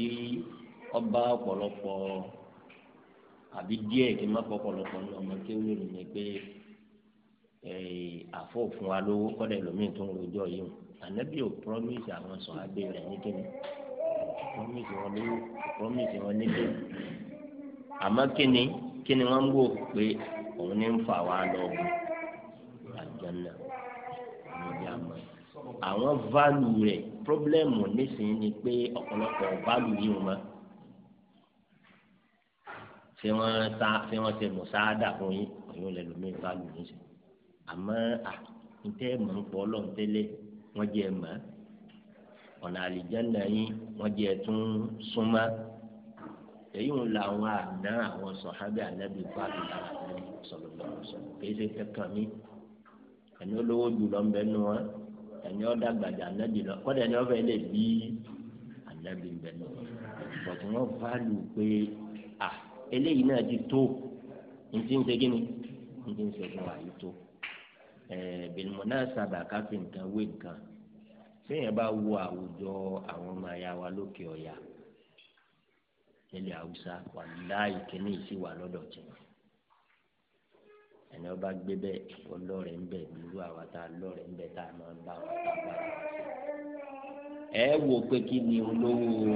ọba ọ̀pọ̀lọpọ̀ àbí díẹ̀ kí n má pọ̀pọ̀lọpọ̀ ní ọmọ tí ó lè rìn ní pé àfọ òfin wa lówó kọ́dẹ̀ lómìn tó ń rojọ́ yìí o ànábì ò promise àwọn sọ abẹ́ rẹ̀ ní kíni promise wọn lówó promise wọn ní kíni àmọ́ kíni kíni wọ́n ń wò pé òun ní ń fà wá lọ bù àjọyọ̀ àwọn ọjà àwọn value rẹ̀ problem nísìnyí ni pé ọ̀pọ̀lọpọ̀ value yìí wọn máa ṣé wọ́n sa, ṣé wọ́n ṣe mùsáádà fún yín ọ̀yọ́ lẹ́nu mi bá lù yín ṣe àmọ́ à ń tẹ́ mọ̀ ń pọ̀ ọlọ́run tẹ́lẹ̀ wọ́n jẹ́ mọ̀ ọ̀nà àlìjánná yín wọ́n jẹ́ tún súnmọ́ èyí ń la àwọn àná àwọn sọ̀hábẹ́ ànábì fún àbílà sọ̀rọ̀ lọ́wọ́ sọ̀rọ̀ kì í ṣe kankan mi ẹni olówó jùlọ ń bẹ nu wọn ẹni ọdàgbàjà ànábì lọ kọ́dà ẹni ọbẹ̀ lè bí ànábì ń bẹ nu wọn bọ̀tún wọn fà lù pé à eléyìí náà ti tó ní ti ń ṣe ni ní ń ṣe wa yìí tó bilmunasaba káfí nǹkan wé nǹkan sẹ́yìn bá wo àwùjọ àwọn ọmọ ẹ̀yà wa lókè ọ̀yà nílẹ̀ haúsá wà láàyè kínní yìí sì wà lọ́dọ̀ tiwọn ẹni ọba gbé bẹ́ẹ̀ ọlọ́rẹ̀ ń bẹ nílùú àwa tá a lọ́rẹ̀ ń bẹ tá a máa ń bá wa tá a bá wa ẹ wo pé kí ni olówó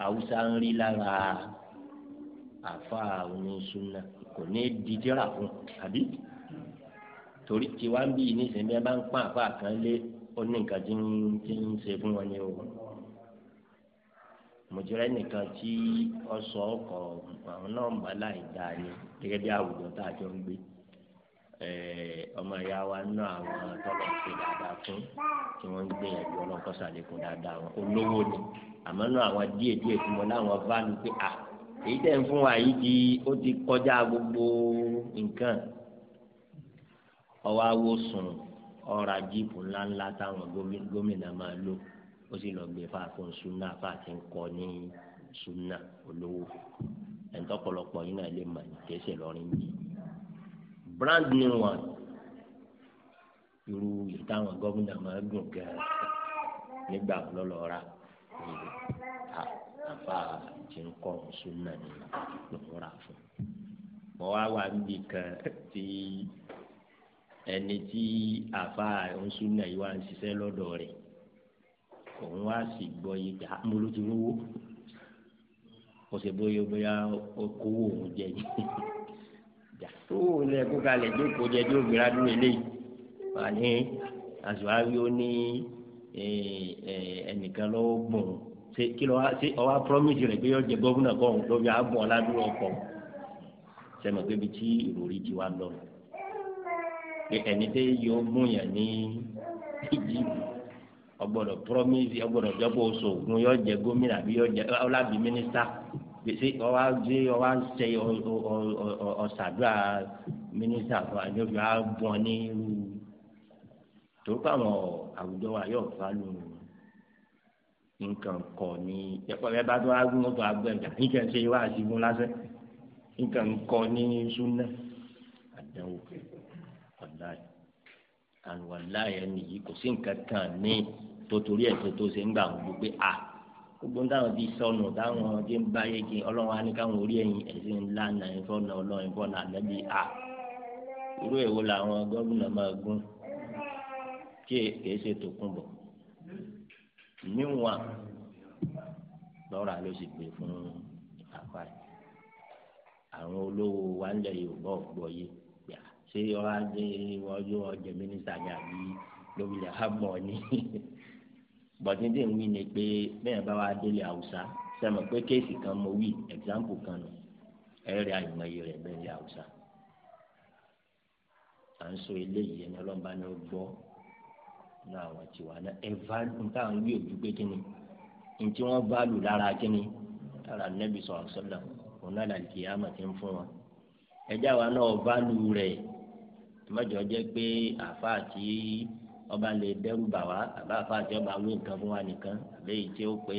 haúsá ń rí lára àfa oníṣúná kò ní dídíra fún àbí torí tiwa ń bí nísìnyí bí wọn bá ń pọn àfa kan lé ó ní nǹkan tí ń tí ń ṣe fún wọn ni o mọ̀jọ́rẹ́ nìkan tí ọ sọ ọkọ̀ àwọn náà ń bá láì dáa ni gẹ́gẹ́ bí àwùjọ tá a jọ ń gbé ọmọ ìyá wa ná àwọn tọ́lọ̀ ṣe dáadáa fún tí wọ́n ń gbìyànjú ọlọ́kọ́sàlẹ̀kùn dáadáa wọn olówó ni àmọ́ náà àwọn díẹ̀ díẹ̀ tí mo láwọn bá ní pé à èyí tẹ̀ ń fún wa yìí di ó ti kọjá gbogbo nǹkan ọwọ́ awo sùn ọ̀rọ̀ àjíìpù ńláńlá táwọn gómìnà máa lò ó sì lọ gbé fáfún súnà fáàtì ń kọ ní súnà olówó ẹ̀ńtọ́pọ̀lọpọ̀ yìí náà lè mà ní lọ́rin bí brand new one irú ìtàwọn gómìnà máa gùn gan nígbà lọ́lọ́ra àfa tí ń kọ́ súnmọ́ ni lòún fún mọ wá wà níbi kan tí ẹni tí àfa súnmọ́ yìí wá ń ṣiṣẹ́ lọ́dọ̀ rẹ̀ òun wá sì gbọ́ yìí gbà ah, mo ló ti rówó mo bóyá bóyá okòwò òun jẹ yìí tó lẹ kó kalẹ̀ jókòó jẹ tó gbéra dúró eléyìí wà ní àṣùwárí ó ní eh, eh, ẹnìkan lọ́wọ́ gbọ̀n ṣe kí lọ wá ṣe ọwá promise rẹ pé yọ jẹ gómìnà kọ òun lórí àgbọn ọládúró ọkọ sẹmọ pé ibi tí ìròrí ti wá lọ pé ẹni tẹ yọ múyàn ní Egypt ọgbọ́dọ̀ promise ọgbọ́dọ̀ jọpọ oṣù ogun yọ jẹ gómìnà àbí yọ jẹ ọlábì mínísítà gbèsè ọwá gbé ọwá ṣe ọṣàdúrà mínísítà fún àjọyọ̀ àgbọn ní irú tó kọ àwọn àwùjọ wa yóò fà lóhùn nǹkan kọ ní ẹ̀kọ́ bá tó wá gbọ́n tó agbẹ́ǹkà nǹkan ṣe wá àṣìgún lásán nǹkan kọ ní súnà àdánwò ọ̀láyé àwọn ọ̀láyé nìyí kò sí nǹkan kan ní tó torí ẹ̀ tó tó ṣe ń gbà wọ́n gbogbo à gbogbo táwọn ti sọnù táwọn ti ń bá yégi ọlọ́run á ní káwọn orí ẹ̀yìn ẹ̀sìn ńlá náà ẹ̀fọ́ náà ọlọ́run ẹ̀fọ́ náà à irú èwo làwọn gómìnà níwọ̀n lọ́ra ló sì gbé fún àpá rẹ̀ àwọn olówó wa ń lẹ yorùbá ọ̀gbọ́ yìí gbà ṣé ọ̀rá dé ọjọ́ ọjọ́ mínísítà ni àbí lórílẹ̀ àmọ́ ni bọ̀dídé ń wí ni pé bẹ́ẹ̀ bá wa délé haúsá sẹ́mi pé kéèsì kan mo wí ẹ̀gzámpù kan nù ẹ̀rẹ̀ àìmọye rẹ̀ bẹ́ẹ̀ lé haúsá à ń sọ eléyìí ẹni ọlọ́mọba ni ó gbọ́ na àwọn tiwa náà ẹ value nǹkan àwọn yóò ju pé kíni ntí wọ́n value lára kíni lára nẹ́bí sọ̀rọ̀ sọ́dọ̀ òun náà làlùkì yá ti ń fún wọn ẹjẹ́ àwa náà value rẹ̀ mọ́jọ́ jẹ́ pé àfa àti ọba lè dẹ́rù bà wá àbá àfa àti ọba wí nǹkan fún wa nìkan àbẹ́yìí tí ó pé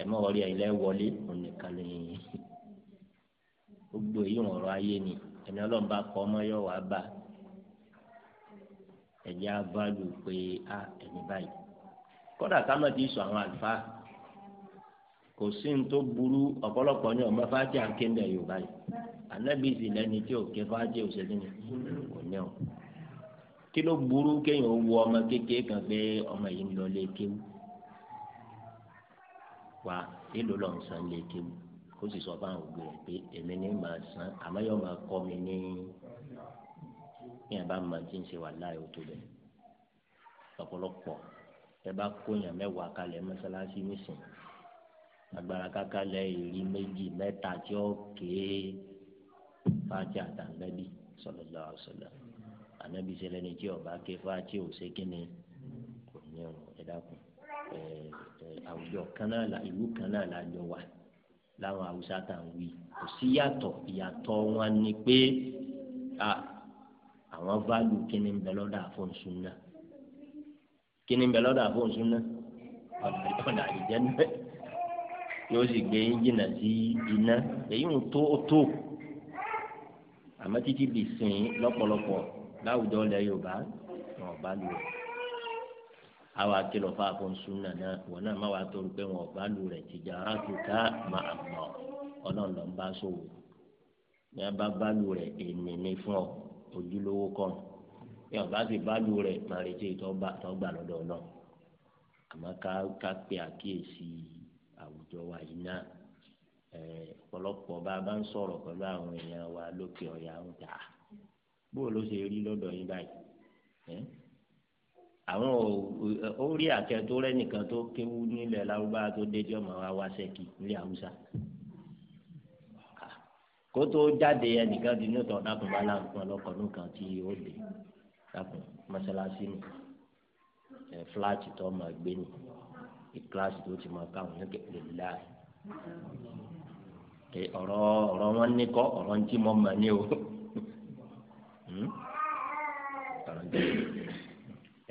ẹ mọ̀ wọlé ẹ̀ lẹ́wọlé òun nìkan lè gbogbo èyí ọ̀rọ̀ ayé ni ẹni ọlọ́run bá kọ́ ọmọ yọ̀ wá bá ẹ̀yà abálù pé a ẹni báyìí kódà kámá ti sọ àwọn àlùfáà kò sí ní tó burú ọ̀pọ̀lọpọ̀ ní ọmọ fájì àkéńdà yorùbá yìí anábì sì lẹ́ni tí òkè fájì òṣèlú ni kò ní o kí ló burú kéèyàn wo ọmọ kékeré kan pé ọmọ yìí ń lọ lé kéwú wa èlò lọ ń san lé kéwú kó sì sọ fáwọn òbí rẹ pé èmi ní màá san àmọ́ yóò máa kọ́ mi ní ní ẹ bá mọ tí ń ṣe wà láàyè òtò bẹ ọ̀pọ̀lọpọ̀ ẹ bá kóyàn mẹ́wàá kalẹ̀ mọ́sálásí nìsín agbára kákalẹ̀ èrí méjì mẹ́ta tí ó kéé fájì àtàǹdẹ́bí sallallahu alaihi wasallam ànábì ṣẹlẹ̀ ní tí ọba ké fájì ò ṣe kíni kò ní ọ̀rọ̀ ẹ dákun ẹ ẹ àwùjọ kan la ìlú kan la jọ wà láwọn haúsá tá à ń wí kò sí ìyàtọ̀ wọn ni pé a àwọn fáàlù kíni ń bẹ lọ́dọ̀ àfọ̀nsún náà kíni ń bẹ lọ́dọ̀ àfọ̀nsún náà ọ̀dà ìjẹ́ náà yóò sì gbé jìnnà sí iná èyí ń tó tó àmọ́ títí di sìn lọ́pọ̀lọpọ̀ láwùjọ ilẹ̀ Yorùbá wọn bá lù rẹ̀ àwọn akélò fáfún súnà náà wọn náà má wàá tó pé wọn bá lù rẹ̀ tìjà rákìtà máa mọ̀ ọlọ́ọ̀lọ́ ń bá sòwò ní abá bá lù rẹ̀ ènìní fún ọ ojúlówó kan bí ọba sì bálù rẹ̀ máa retí tọ́gbà lọ́dọ̀ náà àmọ́ ká ká pe àkíyèsí àwùjọ wa yìí náà ọ̀pọ̀lọpọ̀ bá a bá ń sọ̀rọ̀ pẹ̀lú àwọn èèyàn wa lókè ọ̀yà ń tà bó ló ṣe rí lọ́dọ̀ yín báyìí àwọn ò rí àkẹ́tọ́ rẹ́ nìkan tó kéwú nílẹ̀ lárúbáwá tó dé jọ́mọ́ wa wá sẹ́kì nílẹ̀ haúsá kó tó jáde ẹnìkan di ní ọ̀tọ̀ dákun bá láǹkan lọ́kọ̀ nìkan tí ó dé dákun mọ́sálásí ni ẹ̀ fúláàtì tó máa gbé ni ìkíláàsì tó ti máa káwọn ní kékeré láàyè ọ̀rọ̀ ọ̀rọ̀ wọn ní kọ́ ọ̀rọ̀ ń tí mo mọ̀ ní o hmm? ọ̀rọ̀ ń tí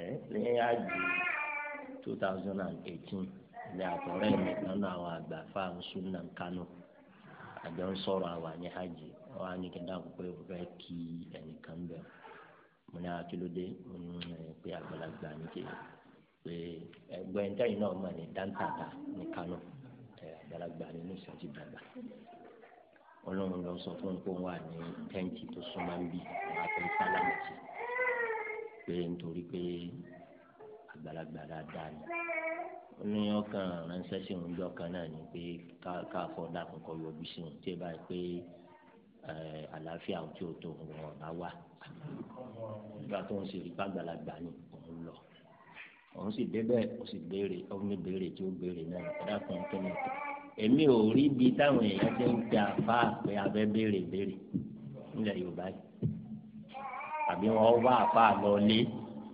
ẹ̀ ní àjò two thousand and ní àtọ̀rẹ́ mi kan àwọn àgbà fáwọn sunan Kano àjọ ń sọ̀rọ̀ àwà ní hajj wọn á ní kí n dáhùn pé mo fẹ́ kí ẹnìkan bẹ̀ mo ní akílódé mo ní pé àgbàlagbà ní kí pé ẹgbẹ́ ntẹ́yìn náà mọ̀ ní dáńtàtà ní kánò àgbàlagbà ní ní ìṣẹ́jú dàgbà ọlọ́run lọ sọ fún pé wà ní tẹ́ǹtì tó súnmọ́ ń bì wọ́n á fẹ́ sálámù pé nítorí pé àgbàlagbà dáadáa ni ní ọkàn ránṣẹ́ sí òun jọ kan náà ni pé káfọ́ dákun kọ́ yọjú sí òun tí ẹ báyìí pé àlàáfíà òun tí ò tó òun ọ̀nà wà nígbà tó ń ṣe rí gbàgbàlagbà ni òun lọ òun sì débẹ̀ ó sì béèrè ọmọ béèrè tí ó béèrè náà dákun kí ni èmi ò rí ibi táwọn èèyàn ti ń pe àfa pé abẹ́ béèrè béèrè nílẹ̀ Yorùbá yìí àbí wọn wá àfa lọ lé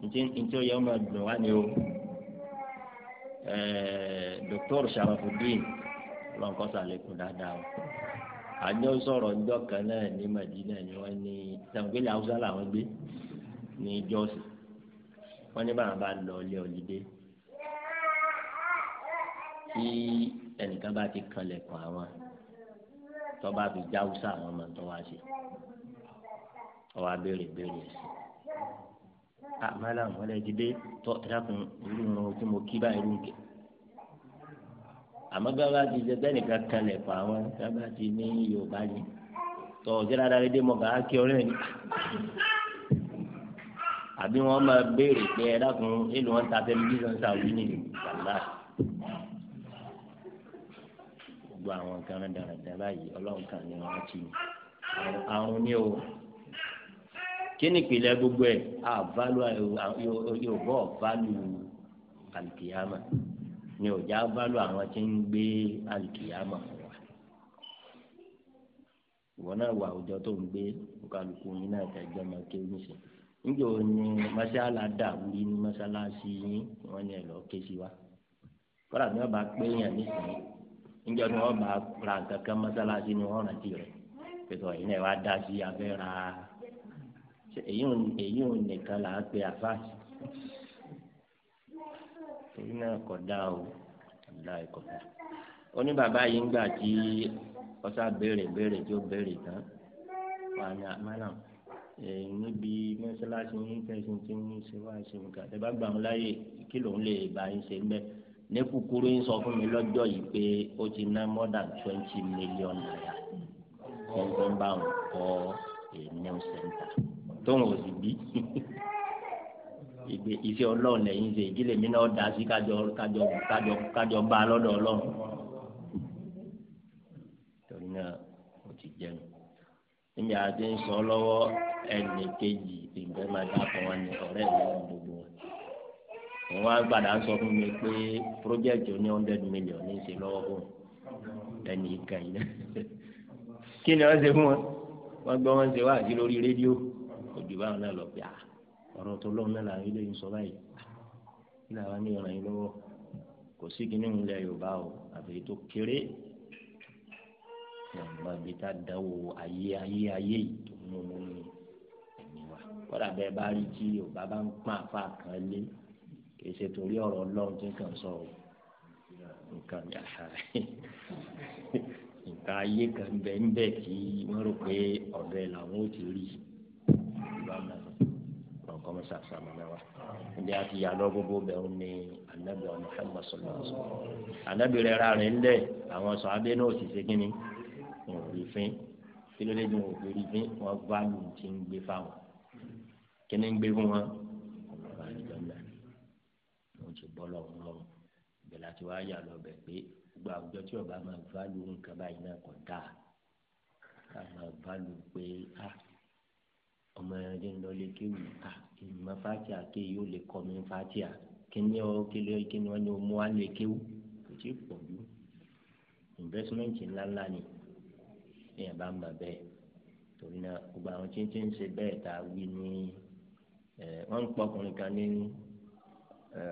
ntí ntí ó yẹ ọmọ ẹgbẹ́ wa ni o. Eh, dr sharafuddin lọ́nkọ́ sàlékún dáadáa o àjọ sọ̀rọ̀ ńjọ́ kan náà ní madina ni wọ́n ní tẹ̀wọ́ngbélé haúsá làwọn gbé ní jọ́ọ̀sì wọ́n ní báwọn bá lọ ilé ọ̀lídé tí ẹnìkan bá ti kanlẹ̀kùn àwọn tọ́ba fi já haúsá àwọn ọmọ tó wá sí ọwọ́ abéèrè béèrè sí àmàlà wọn lè dìde tọ ẹdàkùn irú wọn tí mo kí báyìí lóògì àmọ́ bí wọn bá ti jẹ bẹ́ẹ̀ nìkan kalẹ̀ fún àwọn tí wọn bá ti ní Yorùbá ni tọ ọjọra dáre dé mọ bàá kí ọ̀rẹ́ ni àbí wọn máa béèrè pé ẹdàkùn èlò wọn ta fẹmi bí sọsà wí ni wàlá gbogbo àwọn kan dáradára báyìí Ọlọ́run kan ni wọn ti àrùn ní o. kini ìpìlẹ̀ gbogbo ẹ̀ àválù yorùbá ọ̀válù alìkìyàmà ni ọ̀já àválù àwọn tí ń gbé alìkìyàmà fún wa. ìwọ náà wà àwùjọ tó ń gbé kálukú yín náà tẹ̀gbẹ́ máa ké níṣẹ́ ni mọ́ṣálá dàwúrí ní mọ́ṣáláṣí yín wọ́n ni ẹ̀ lọ́ọ́ ké sí wa ni wọ́n bá pé yàn nísìnyí ni wọ́n bá ra nǹkan kan mọ́ṣáláṣí ni wọ́n rántí rẹ̀ pẹ̀tọ́ yìí náà dá sí abẹ́ á. èyí ò nìkan là á pe àfa torí náà kódà o kódà kódà ó ní bàbá yìí ń gbà tí ọsà béèrè béèrè tí ó béèrè tán wà ní àmàlà níbi mọ́ṣáláṣí yín fẹ̀sùn tí ń ṣe wá ṣe nǹkan ẹ bá gbà wọn láàyè kí lòun lè bá yín ṣe ń bẹ ní kúkúrú yín sọ fún mi lọ́jọ́ yìí pé ó ti ná more than twenty million naira ní ń bá wọn kọ́ a new center tóun ò sì bí ìgbé iṣẹ́ ọlọ́run lẹ́yìn ṣe ìdílé mi náà dá sí kájọ kájọ kájọ kájọ bá a lọ́dọ̀ ọlọ́run torí náà mo ti jẹun níbi àti ń sọ lọ́wọ́ ẹnì kejì ìgbẹ́ máa dákọ̀ wọn ni ọ̀rẹ́ mi ń gbogbo wọn wọn gbàdá sọ fún mi pé project oní hundred million ní í ṣe lọ́wọ́ fún ẹnì kan yìí kí ni wọ́n ṣe fún wọn wọ́n gbọ́ wọn ṣe wáàsí lórí rédíò kò jù báwọn náà lọ pé à ah, ọ̀rọ̀ tó lọ́wọ́ náà làwọn ilé yìí sọ báyìí ah, kí làwọn ní ọ̀ràn yìí lọ́wọ́ kò sí kíní ń lẹ Yorùbá o àbí tó kéré ìyàmbá bí tá a dáwọ ayé ayé ayé yìí tó mú mú ní ẹ̀mí wa kọ́dà bẹ́ẹ̀ bá rí tí Yorùbá bá ń pọ́n àfa kan lé kì í ṣe torí ọ̀rọ̀ Ọlọ́run tí kàn sọ o nǹkan nǹkan ayé kan bẹ́ẹ̀ ń bẹ wọ́n rò pé ọ̀dọ̀ làwọn ò ti rí i ìlú àgbàdo àwọn kan mọ̀sá sàmà mẹ́wàá ndé àti yàrá gbogbo bẹ́ẹ̀ ó ní anábì ọmọ ẹ̀mọ́ sọ̀rọ̀ sọ̀rọ̀ anábì rẹ̀ ra rẹ̀ ńlẹ̀ àwọn sọ abẹ́ náà sì ṣe kínní wọn ò rí fín kí ló dé ní wọn ò rí fín wọn bá lù ti ń gbé fáwọn kí ni ń gbé fún wọn ọmọ àdìjọ ńlá wọn ti bọ́ lọ́wọ́ lọ́wọ́ ìgbẹ́ láti wá yà lọ bẹ̀ pé gbogbo àwùjọ tí ọba máa bá lù nǹkan báyìí náà kọ̀ dáa ká máa bá lù pé ah ọmọ yẹn lè lọ lè kéwì ká ìmọ̀ fatia ké yóò lè kọ́ mi fatia kíni ọ kíni ọ kíni ọ ni o mú wa lè kéwì kò tí ì pọ̀ jù investment ńláńlá ni èèyàn bá mọ̀ bẹ́ẹ̀ torí náà gbogbo àwọn tí ń tí ń ṣe bẹ́ẹ̀ tá wí ní wọ́n ń pọkùnrin kan ní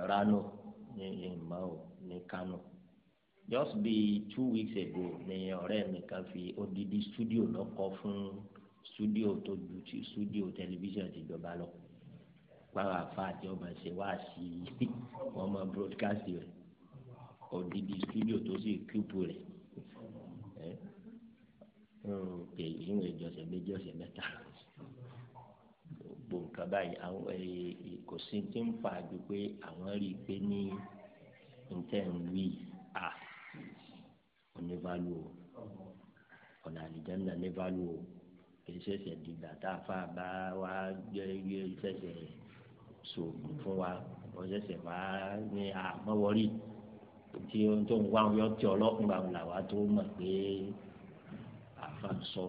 Rano ní ìmọ̀ ò ní Kano just be two weeks ago ni ọ̀rẹ́ mi kan fi odidi studio lọ́kọ́ fún studio tó ju ti studio tẹlifíṣàn ti jọba lọ pàrọ̀ àfa àti ọmọ ṣe wá sí wọn máa broadcast rẹ̀ òdìdí studio tó sì kíkú rẹ̀ èyí ń ìjọsẹ̀ méjì ọ̀sẹ̀ mẹ́ta gbogbo nǹkan báyìí àwọn kò sí ti ń fa ju pé àwọn rí i pé ní ntẹ̀wí à oníbàlù ọ̀nà àlìjẹ́ ńlá níbàlù o kì í ṣẹ̀ṣẹ̀ dìgbà tá a fa bá wa gbé gbé ṣẹ̀ṣẹ̀ sòògùn fún wa wọ́n ṣẹ̀ṣẹ̀ wá ní àmọ́wọ́rí tí ohun tó ń wá wọn yọ tí ọlọ́kùnrin bá wùlà wá tó mọ̀ pé àfa ń sọ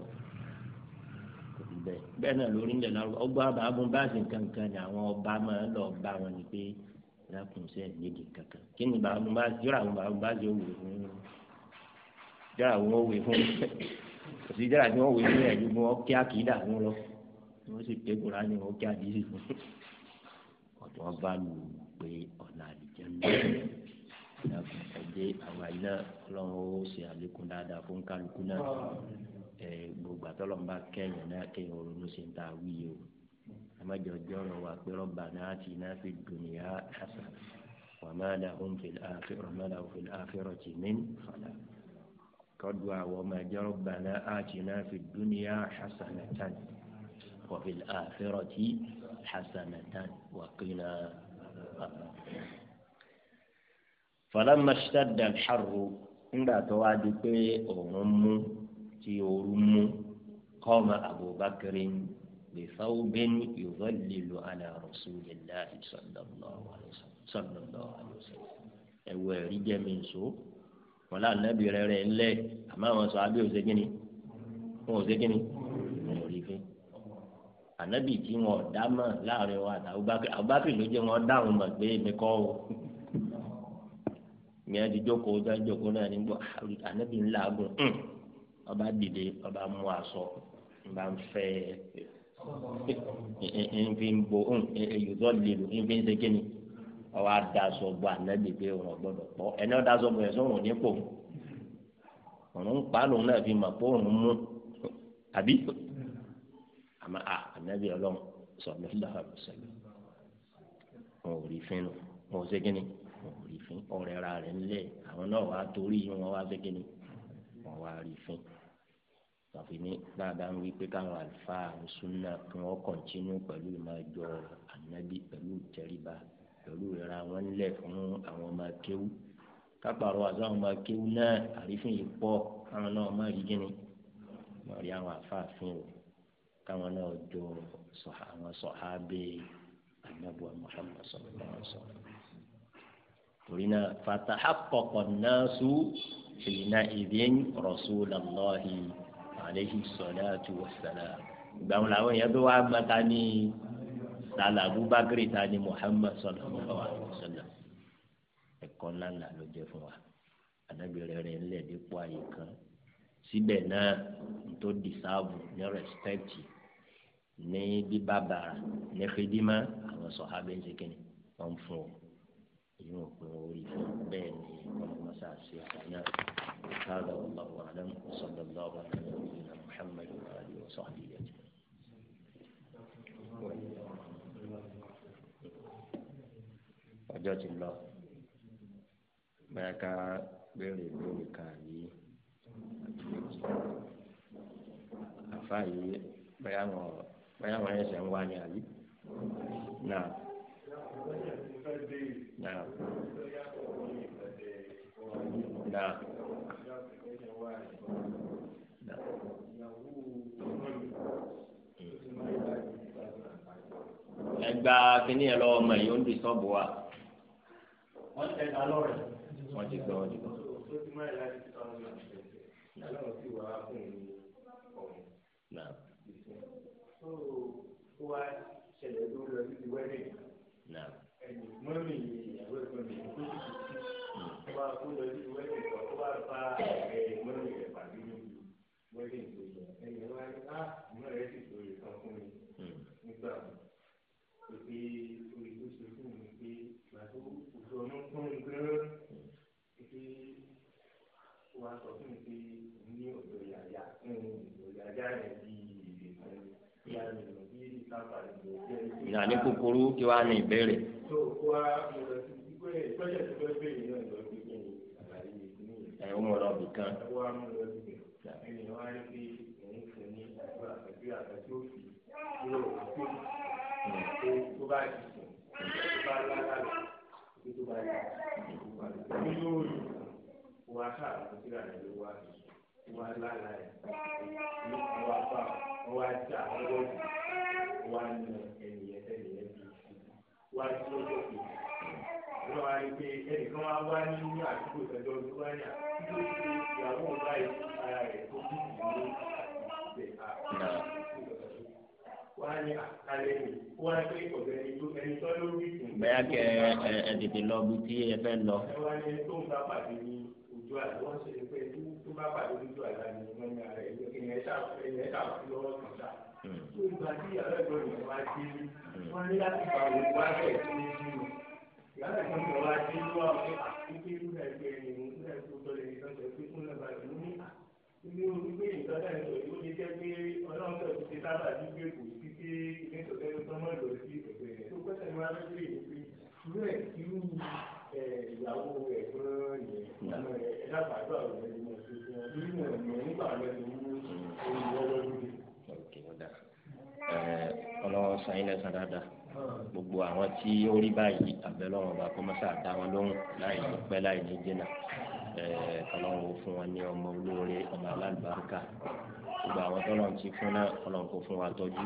bẹ́ẹ̀ bẹ́ẹ̀ náà lórí ilẹ̀ lọ́wọ́ ọgbà àbábọ̀ bá ṣe kankan ni àwọn ọba máa ń lọ bá wọn ni pé lákùn sẹ́ẹ̀ nídìí kankan kí ni bàbá bá jọra àwọn bàbá bá ṣe òwe fún jọra àwọn òwe fún òsì dára ni wọn wò ní ẹ̀yìn mọ kí àkìdá wọn lọ wọn sì pé kóra ni wọn kí àdìsí fún ọ̀tọ̀ bá lù ú pé ọ̀nà àdìjẹ́ ń lọ ẹ̀jẹ̀ àwọn iná ọlọ́run ó ṣe àlékún dáadáa fún kálukú náà ẹ̀ gbogbo àtọ́lọ́mbà kẹ́yìn náà kẹ́yìn ronú ṣe ń ta wíyẹ o àmọ́jọ ọjọ́ ọ̀rọ̀ wa pé rọ́bà náà ti náà fi dùnìyà àṣà wàmọ́dà òun fi àfẹ́rọ̀ àfẹ́rọ̀ kọ́dùà wọ́mọ ẹjọ́ rabbana atina fi dunya hasanatan wa fil akhirati hasanatan wa qina. falamma ishtadda al-harru ńgbà tó wá di pé òun mú tí ooru mú qama Abubakar بثوب يظلل على رسول الله صلى الله عليه وسلم صلى الله عليه وسلم ẹwọ ẹrí jẹ mi nso wọn là nẹ́bí rẹ rẹ ńlẹ̀ àmọ́ àwọn sọ abẹ́ òsè kínní wọn òsè kínní wọn ò rí fi ànábì tí wọn ọ̀dá mọ̀ láàrin wa àti Abubakar ló jẹ́ wọn dáhùn mọ̀ pé èmi kọ́ o ìyẹn ti jókòó tó ń jókòó náà nígbà ànábì ńlá gùn ọba dìde ọba mú aṣọ ọba ń fẹ́ ẹ ń fi ń bo ẹ̀yùzọ́ lè lò ń fi ń ṣe kínní ọwọ́ adaṣọ bọ ànábì pé ọ̀rọ̀ gbọ́dọ̀ pọ̀ ẹni ọ̀daṣọ bọ ẹ̀sọ́ òun ní pò òun pa lòun náà fi mọ̀ pé òun mú àbí àmọ́ ànábì ọlọ́run sọ̀rọ̀ lọ́wọ́ sọ̀rọ̀ wọn ò rí fínú wọn ò ségin ni wọn ò rí fín ọ̀rẹ́ ra rẹ̀ ńlẹ̀ àwọn náà wàá torí wọn wá ségin ni wọn wá rí fín tàbí ní dáadáa ń wí pé káwọn àlùfáà ń súnà kí wọn kọ̀ntínú pẹ̀lú ìmájọ ànábì pẹ̀lú ìtẹríba pẹ̀lú ìra wọn nílẹ̀ fún àwọn ọmọ akéwú kápárọ̀ àti àwọn ọmọ akéwú náà àrífín yìí pọ̀ káwọn náà má rí gíní má rí àwọn àfáàfin o káwọn náà jọ àwọn sọ̀hábì anábọ̀ Muhammad sallallahu alaihi wasallam torí náà fatahaqqaqa an-nasu hina idhin rasulallahi alayhi salatu wassalam ìgbà wọn làwọn èèyàn tó wá gbàtà ní tààlà abubakari tàà ni muhammad sallallahu alaihi wasallam ẹ̀kọ́ ńláńlá ló jẹ́ fún wa anabi rẹ̀ rẹ̀ ńlẹ̀ dípò ààyè kan síbẹ̀ náà tó dìsáàbù ní rẹ̀spẹ̀tì ní bíbábàrà ní xidima àwọn sọ̀hábẹ́ ń ṣe kínní wọ́n ń fún ọ inú òpin orí fún bẹ́ẹ̀ ni ọlọ́mọṣá ṣe àná káàdà ọlọ́wọ́ àdán sọ̀dọ̀lọ́wọ́ àdán muhammad wa alihi wa sahbihi. ọjọ́ ti lọ bóyá ká béèrè lórí kàní àfa yìí bóyá wọn bóyá wọn ẹsẹ̀ ń wá ní àbí náà náà náà. ẹgbàá kìnìyàn lọ́wọ́ ọmọ yìí ó ń di sọ́ọ̀bù wa wọ́n tẹ̀ ta lọ́rẹ̀. wọ́n ti gbọ́ wọ́n ti gbọ́. tó ti máa yára ti sọ̀rọ̀ ní ọ̀sẹ̀ ìyáàlọ́ ti wà á fún mi ọ̀hún. tó o wá ṣẹlẹ̀ lórí ọdún ti wẹ́rẹ̀. náà. mọ́mì ìyàwó ẹ̀kọ́ mi tó ti ti ti wá kó lọ sí wẹ́rẹ̀ kan tó wá bá ẹ̀yìn mọ́mì rẹ̀ pàdé lórí wẹ́rẹ̀ tó yẹ ẹ̀yìn wá á ah, ìmọ̀ rẹ̀ sì tó yẹ kan fún mi hmm. nígbà mi. pé orí tó ṣe fún mi pé màá tó ronú fún kan yà mí lọ bí sábà lọ jẹ́ ìbí. ìyá ní kúkúrú kí wàá ní ìbéèrè. tó o wá mo lọ sí pé ìpẹ́jẹ̀ tó fẹ́ bèèrè náà lọ sí pé àlàyé ìpínlẹ̀. ẹ̀ ń wọ̀n lọ́bì kan. ẹ wá mo lọ sí pé ẹ̀yìn wá rí pé òun fún ní àgbà àgbẹ̀ nínú òòlù wọn aṣá àkọsílẹ̀ àdàlẹ wa wọn alára ẹ wọn apá wọn ajá ọwọ́ wọn nà ẹnìyẹn ẹnìyẹn bí wọn ajá ọjọ́ kejì wọn wá rí pé ẹnìkan wá wá ní àdúgbò ìtọ́jú ọdún wáyà tó ti. ní àkàlẹ́ mi wọ́n á pé ọ̀dọ̀ ẹni bẹ́ẹ̀ kẹ ẹ ẹ tètè lọ bí tí ẹ fẹ́ lọ. ẹ wá ní tó ń bá pàdé ní ojú àlá wọ́n ṣe pé tó bá pàdé lójú àlá ni wọ́n ní ara ẹ̀ ẹ̀ ẹ̀ ṣáà fi lọ́wọ́ kan ṣá. Hmm. tó ìgbà tí ìyàrá ìgbọ́ tí ilé ìtọ́jú ẹni tó máa ń lọ sí ìgbẹ́ rẹ̀ tó pẹ́sẹ̀ ní wàá lọ́sẹ̀ yìí pé irú ẹ̀ irú ìyàwó ẹ̀ gan-an yẹn ẹ̀dá pàdúrà rẹ̀ ni mo fún ọ nínú ẹ̀mọ́ nígbà rẹ̀ ni mo ń wọ́wọ́ lóde. ọlọ́wọ́ san dáadáa gbogbo àwọn tí ó rí báyìí àbẹ̀lọ́wọ́n bá kọ́mọ́sá dá wọn lóhùn láì ní pẹ́ láì ní jìnnà Eh, ọlọ́run fún wa ní ọmọ olóore ọmọ alábàárìkà gbogbo àwọn tọ́lọ̀ ti fún náà ọlọ́run kò fún wa tọ́jú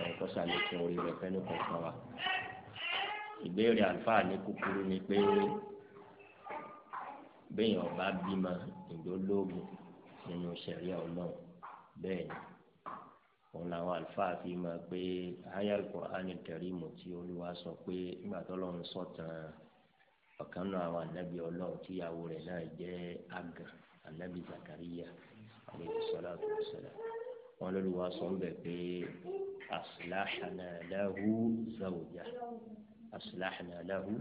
eh, kó sàlékún orí rẹ̀ fẹ́ni kọ̀ọ̀kan wa. ìbéèrè àlùfáà ní kúkúrú ni pé béèyàn bá bímọ ìdólógún nínú sẹ̀ríà ọlọ́run bẹ́ẹ̀ ni òun làwọn àlùfáà fi mọ̀ pé ayé Al-Qur'an Al-Karim tí olúwa sọ pé nígbà tọ́lọ́run sọ̀tàn. So ọ̀kan náà àwọn ànábì ọlọ́run tíyàwó rẹ̀ náà jẹ́ àgàn ànábì zakariya alayhi salatu wa salam wọn lórí wa sọ bẹ pé aslahana lahu zawja aslahana lahu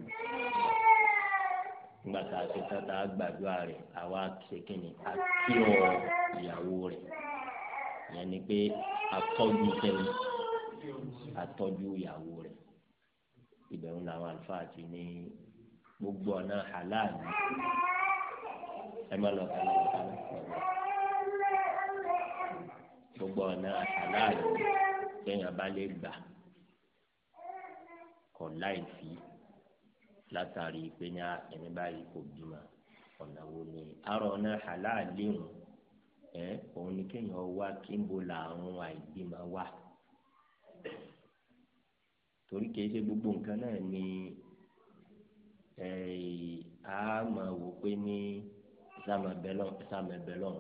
nígbà tá a ti tán tá gbàdúrà rẹ̀ àwa ṣe ni a kí ọ ìyàwó rẹ̀ ìyẹn ni pé atọ́jú sẹ́yìn atọ́jú ìyàwó rẹ̀ ìbẹ̀rù làwọn àlùfáà ti ní gbogbo ọ̀nà halal ẹ má lọ kálọ̀ kálọ̀ gbogbo ọ̀nà halal kéèyàn bá lè gbà kọ̀ láì fi látàrí pé ní ẹni báyìí kò bímọ ọ̀nà wo ni àrọ̀ ọ̀nà halal léwu ẹ òun ni kéèyàn wá kí n bo làrùn àìbímọ wá torí kìí gbogbo nǹkan náà ni a máa wò pé ní sàmẹ̀bẹ̀lọ̀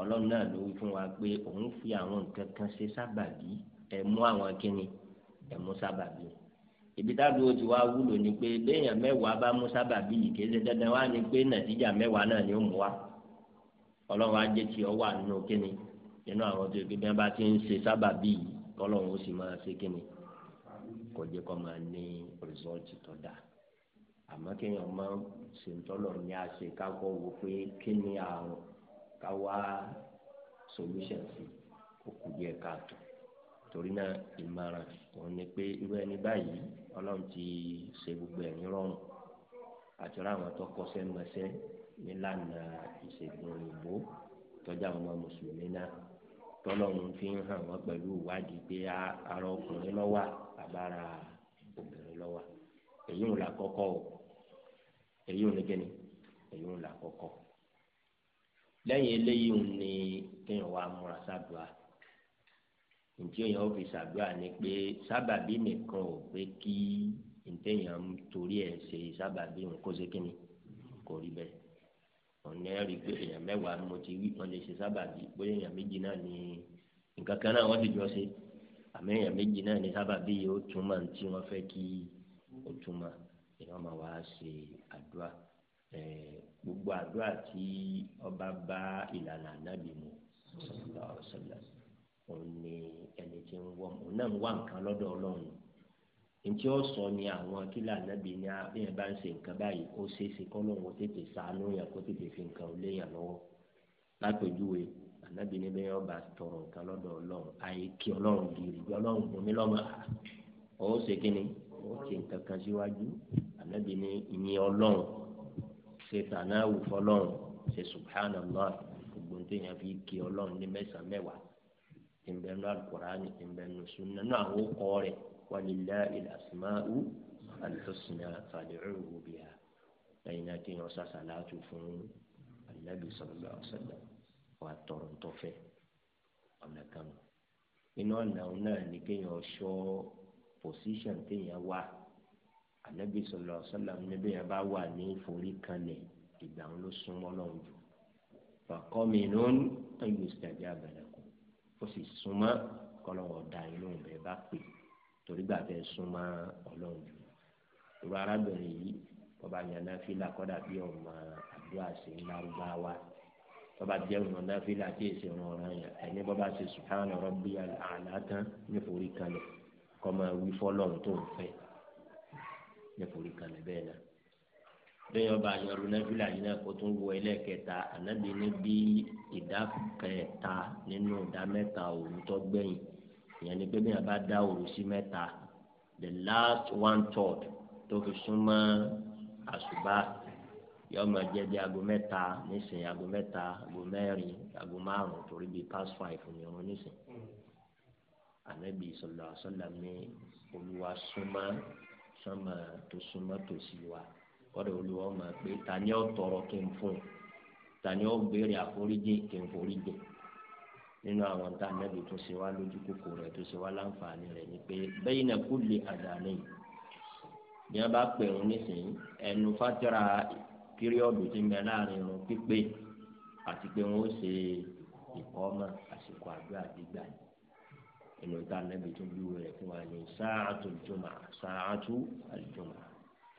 ọlọ́run náà ló wí fún wa pé òun fi àwọn nǹkan kan ṣe sábàbí ẹ̀ mú àwọn kínni ẹ̀ mú sábàbí ibi tábìlì ojú wa wúlò ni pé béèyàn mẹ́wàá bá mú sábàbí yìí kéde dandan wá ni pé nàìjíríà mẹ́wàá náà ni ó mú wa ọlọ́run á jẹ́ tí ọ wà nínú kínni nínú àwọn tó gbé bí wọn bá ti ń ṣe sábàbí yìí kọ́lọ́run ó sì máa ṣe kínni kò jẹ́ kó máa ní rìsọ́ọ̀tì tó dáa àmọ́ kéèyàn máa ń ṣe ní àṣẹ káwọ́ wo pé kí ni àrùn káwá solution sí òkú díẹ̀ káàtó torí náà ìmọ̀ràn òun ni pé irú ẹni báyìí ọlọ́run ti ṣe gbogbo ẹ̀ ní rọrùn àti ọ̀rọ̀ àwọn tó kọ́ṣẹ́ mọṣẹ́ nílànà ìṣègùn òyìnbó tọ́jà ọmọ mùsùlùmí náà tọ́lọ́run fi ń hàn wọ́n pẹ̀lú ìwádìí pé ara ọkùnrin lọ́wà àbára obìnrin lọ́wà èyí ń la kọ́kọ́ o èyí ń gẹ́ni èyí ń la kọ́kọ́ lẹ́yìn eléyìí ń ní kéèyàn wá múra sábà ntí èèyàn ó fi sàdúrà ni pé sábàbí nìkan ò pé kí ntẹ̀yàn torí ẹ̀ ṣe sábàbí òun kó ṣe kíni kò rí bẹ́ẹ̀ ọ̀nà ẹ̀rí pé èèyàn mẹ́wàá mo ti wí wọ́n lè ṣe sábàbí pé èèyàn méjì náà ni nǹkan kan náà wọ́n sì jọ ṣe àmì èèyàn méjì náà ni sábàbí yóò túmọ̀ tí wọ́n fẹ́ kí kò túmọ̀ èèyàn máa wá ṣe àdúrà eh, gbogbo àdúrà tí ọba bá ìlànà ànábì mu ọ̀sọ̀lá òun ni ẹni tí ń wọ́n òun náà ń wá nǹkan lọ́dọ̀ ọlọ́run ntí ó sọ ni àwọn kílà ànábì ni àbíyàn bá ń ṣe nǹkan báyìí ó ṣe kọ́ lóun ó tètè kó tètè fi nǹkan léyàn lọ́wọ́ lápèjúwe ànábì ni bẹ́ẹ̀ ọba tọrọ nǹkan lọ́dọ̀ ọlọ́run àyè kí ọlọ́run gírí ọlọ́run lọ́mọ ó ṣe wọn ti nǹkan kan síwájú ànábì ní ìyìn ọlọ́run ṣe tànà àwùfọ́ ọlọ́run ṣe subhanallah gbogbo ní tẹ̀yàn fi kí ọlọ́run ní mẹ́sàn-án mẹ́wàá tí ń bẹ nínú alukur'ani tí ń bẹ nínú sunna náà àwọn kọ́ rẹ̀ walillahi al-asma'u al-husna fad'uhu biha lẹ́yìn náà kéèyàn sàṣàlátù fún anabi sallallahu alaihi wasallam wà tọrọ ntọ́fẹ́ ọ̀nà kan nínú ọ̀nà náà ni kéèyàn ṣọ́ position téèyàn wà anabi sọlọ sọlọm níbi yẹn bá wà ní forí kanlẹ̀ ìgbà wọn ló súnmọ́ lọhùn jù fàkọmì lónìí ayò ìsìtàjà àbẹlẹkọ ó sì súnmọ́ kọlọwọ da inú bẹ́ẹ̀ bá pè torí gbà bẹ́ẹ̀ súnmọ́ jù ìwà arábìnrin yìí ọba yẹn náfìlà kódà bí ọmọ àdúrà sí lárúbáwá bọ́ba jẹ́ ọ̀nà náfìlà tí èsì ọ̀ràn yẹn ẹni bọ́ba ṣe subhana rabbiyal a'la tán níforí kanlẹ̀ kọ́ máa wí fọ́lọ́run tó ń fẹ́ nítorí kalẹ̀ bẹ́ẹ̀ náà bẹ́ẹ̀ ọba àyànrú nábìlà yìí náà kó tún wọ ẹlẹ́ẹ̀kẹta ànábì ní bí ìdá kẹta nínú ìdá mẹ́ta òru tó gbẹ̀yìn ìyẹn ni pé bí wọn bá dá òru sí mẹ́ta the last one third tó fi súnmọ́ àṣùbà yóò máa jẹ́ bí aago mẹ́ta nísìnyí aago mẹ́ta aago mẹ́rin aago márùn-ún torí bíi past five ni wọn nísìnyí. Hmm anabi sọlọ sọlọ mi olúwa súnmọ́ sọmọ tó súnmọ́ tó sì wà kọdọ olúwa ma pé tani ó tọrọ kí n fún tani ó béèrè àforíjì kí n foríjì nínú àwọn tá anabi tó ṣe wá lójú kókó rẹ̀ tó ṣe wá láǹfààní rẹ̀ ni pé bẹ́yìn náà kú lè àdáni bí wọn bá pè ń nísìnyí ẹnu fátírà píríọ̀dù ti ń bẹ láàrin irun pípé àti pé wọn ṣe ìkọ́ ọmọ àsìkò àdúrà gbígbà yìí inú ta anabi tó bí wẹrẹ fún wa ní sáàtú jùmọ sáàtú àlùjùmọ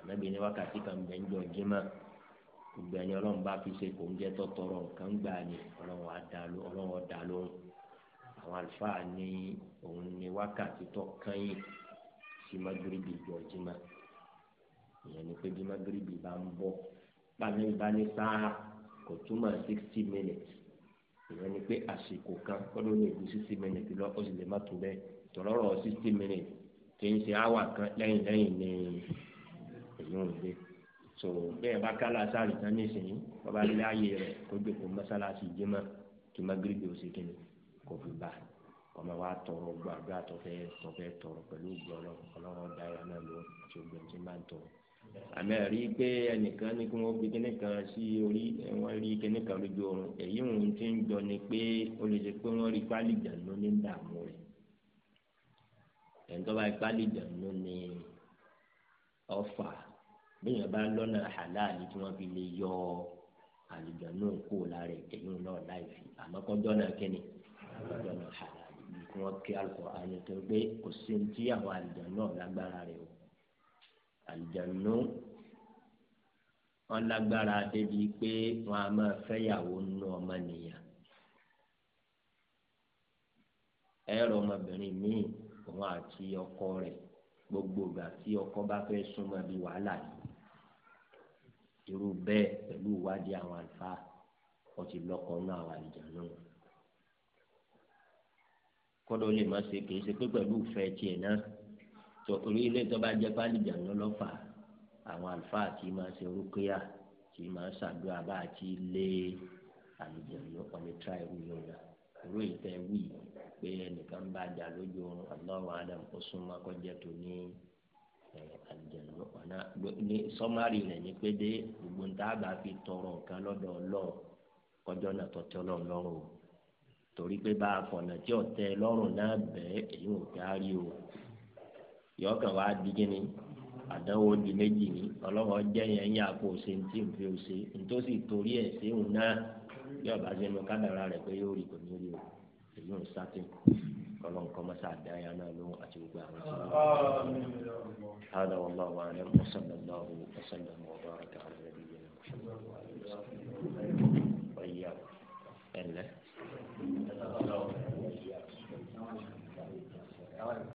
anabi ní wákàtí kan bẹ ń jọ jimá gbogbo ẹni Ọlọ́run bá fi ṣe kò ń jẹ tọtọrọ nǹkan gbà ní Ọlọ́run àdàlú Ọlọ́run ọdàlú àwọn àlùfáà ní òun ní wákàtí tó kányìn sí magiribi jọ jimá ìyẹn ni pé bí magiribi bá ń bọ pàmì ìbánisá kò túmọ̀ sixty minutes ìyẹn ni pé àsìkò kan kọ́dọ̀ ó lè ju sixty minutes lọ ó sì lè má tó bẹ́ẹ̀ tọ̀rọ̀rọ̀ sixty minutes kì í ṣe áwà kan lẹ́yìn lẹ́yìn ní èyí ò lè so bẹ́ẹ̀ bá kálá sáré tán nísìnyí bàbá lé ayé rẹ̀ kó dòkó mọ́sálásí jimá kí magrebi ó ṣe kí ni kò fi bá ọmọ wa tọrọ gbọ àdúrà tọfẹ tọfẹ tọrọ pẹ̀lú gbọlọ Ọlọ́run dára náà ló ti gbẹǹtì máa tọrọ àmì ẹ̀rí pé ẹnìkan ní kí wọ́n gbé kíní kan sí orí wọ́n rí kíní kan lójú oorun èyí òun ti ń jọ ni pé ó lè ṣe pé wọ́n rí pálí ìjànú ní dààmú rẹ̀ ẹ̀ńtọ́ bá pálí ìjànú ní ọ̀fà bẹ́ẹ̀ bá lọ́nà àláàlì tí wọ́n fi lè yọ àlùjànnú kó lára ẹ̀yìn náà láì fi àmọ́ kọ́jọ́ náà kíni kọ́jọ́ náà àláàlì bí wọ́n kí alukọ̀ àyẹ̀tọ̀ pé kò sí ní tí àwọn àlùjànnú lágbára rẹ̀ o àlùjánu wọn lágbára débi pé wọn a máa fẹ́yàwó nínú ọmọnìyàn ẹ̀rọ ọmọbìnrin míì òun àti ọkọ rẹ̀ gbogbo ìgbà tí ọkọ bá fẹ́ súnmọ́ bí wàhálà yìí irú bẹ́ẹ̀ pẹ̀lú ìwádìí àwọn àlùfáà wọ́n ti lọ́kọ̀ọ́ náà àwọn àlùjánu kọ́dọ̀ lè má ṣe kì í ṣe pé pẹ̀lú ìfẹ́ tiẹ̀ náà torí ilé tó bá jẹ́ pálíjà ló lọ́fà àwọn àlùfáà tí máa ṣe rúkúyà tí máa ṣàdúrà bá àti lé àlùjẹ ló ọ̀lẹ́ tra irú yóò dà irú ìtẹ́ wì pé ẹnìkan bá jà lójú oorun Allahu alam ó súnmọ́ kọjá tó ní àlùjẹ ló ọ̀nà ní sọ́márì rẹ̀ ní pé dé gbogbo nta bá fi tọrọ nǹkan lọ́dọ̀ Ọlọ́run kọjọ́ náà tọ́tí Ọlọ́run lọ́rùn o torí pé bá a fọ̀nà tí ọ̀tẹ lọ́rùn náà bẹ́ẹ̀ èyí ò kárí o yọkàn wá di gíní àdánwò di méjì ni. ọlọ́wọ́ jẹ́ yẹn yín àpò òsè ntí nfi òsè ntòsí torí ẹ̀ séhùn náà bí ọba ṣe mọ kádàrá rẹ̀ pé yóò rí kò ní rí o èyí ò sátì ọlọ́run kọ́ mọ́sá àdáyà náà ló àti gbogbo àwọn tí wọ́n hádà wọn bá wà ní mọ́sálà náà wò mọ́sálà náà wọ́n bá rẹ̀ kàwé rẹ̀ bí yẹn lọ́wọ́ ẹ̀yà ẹ̀lẹ́.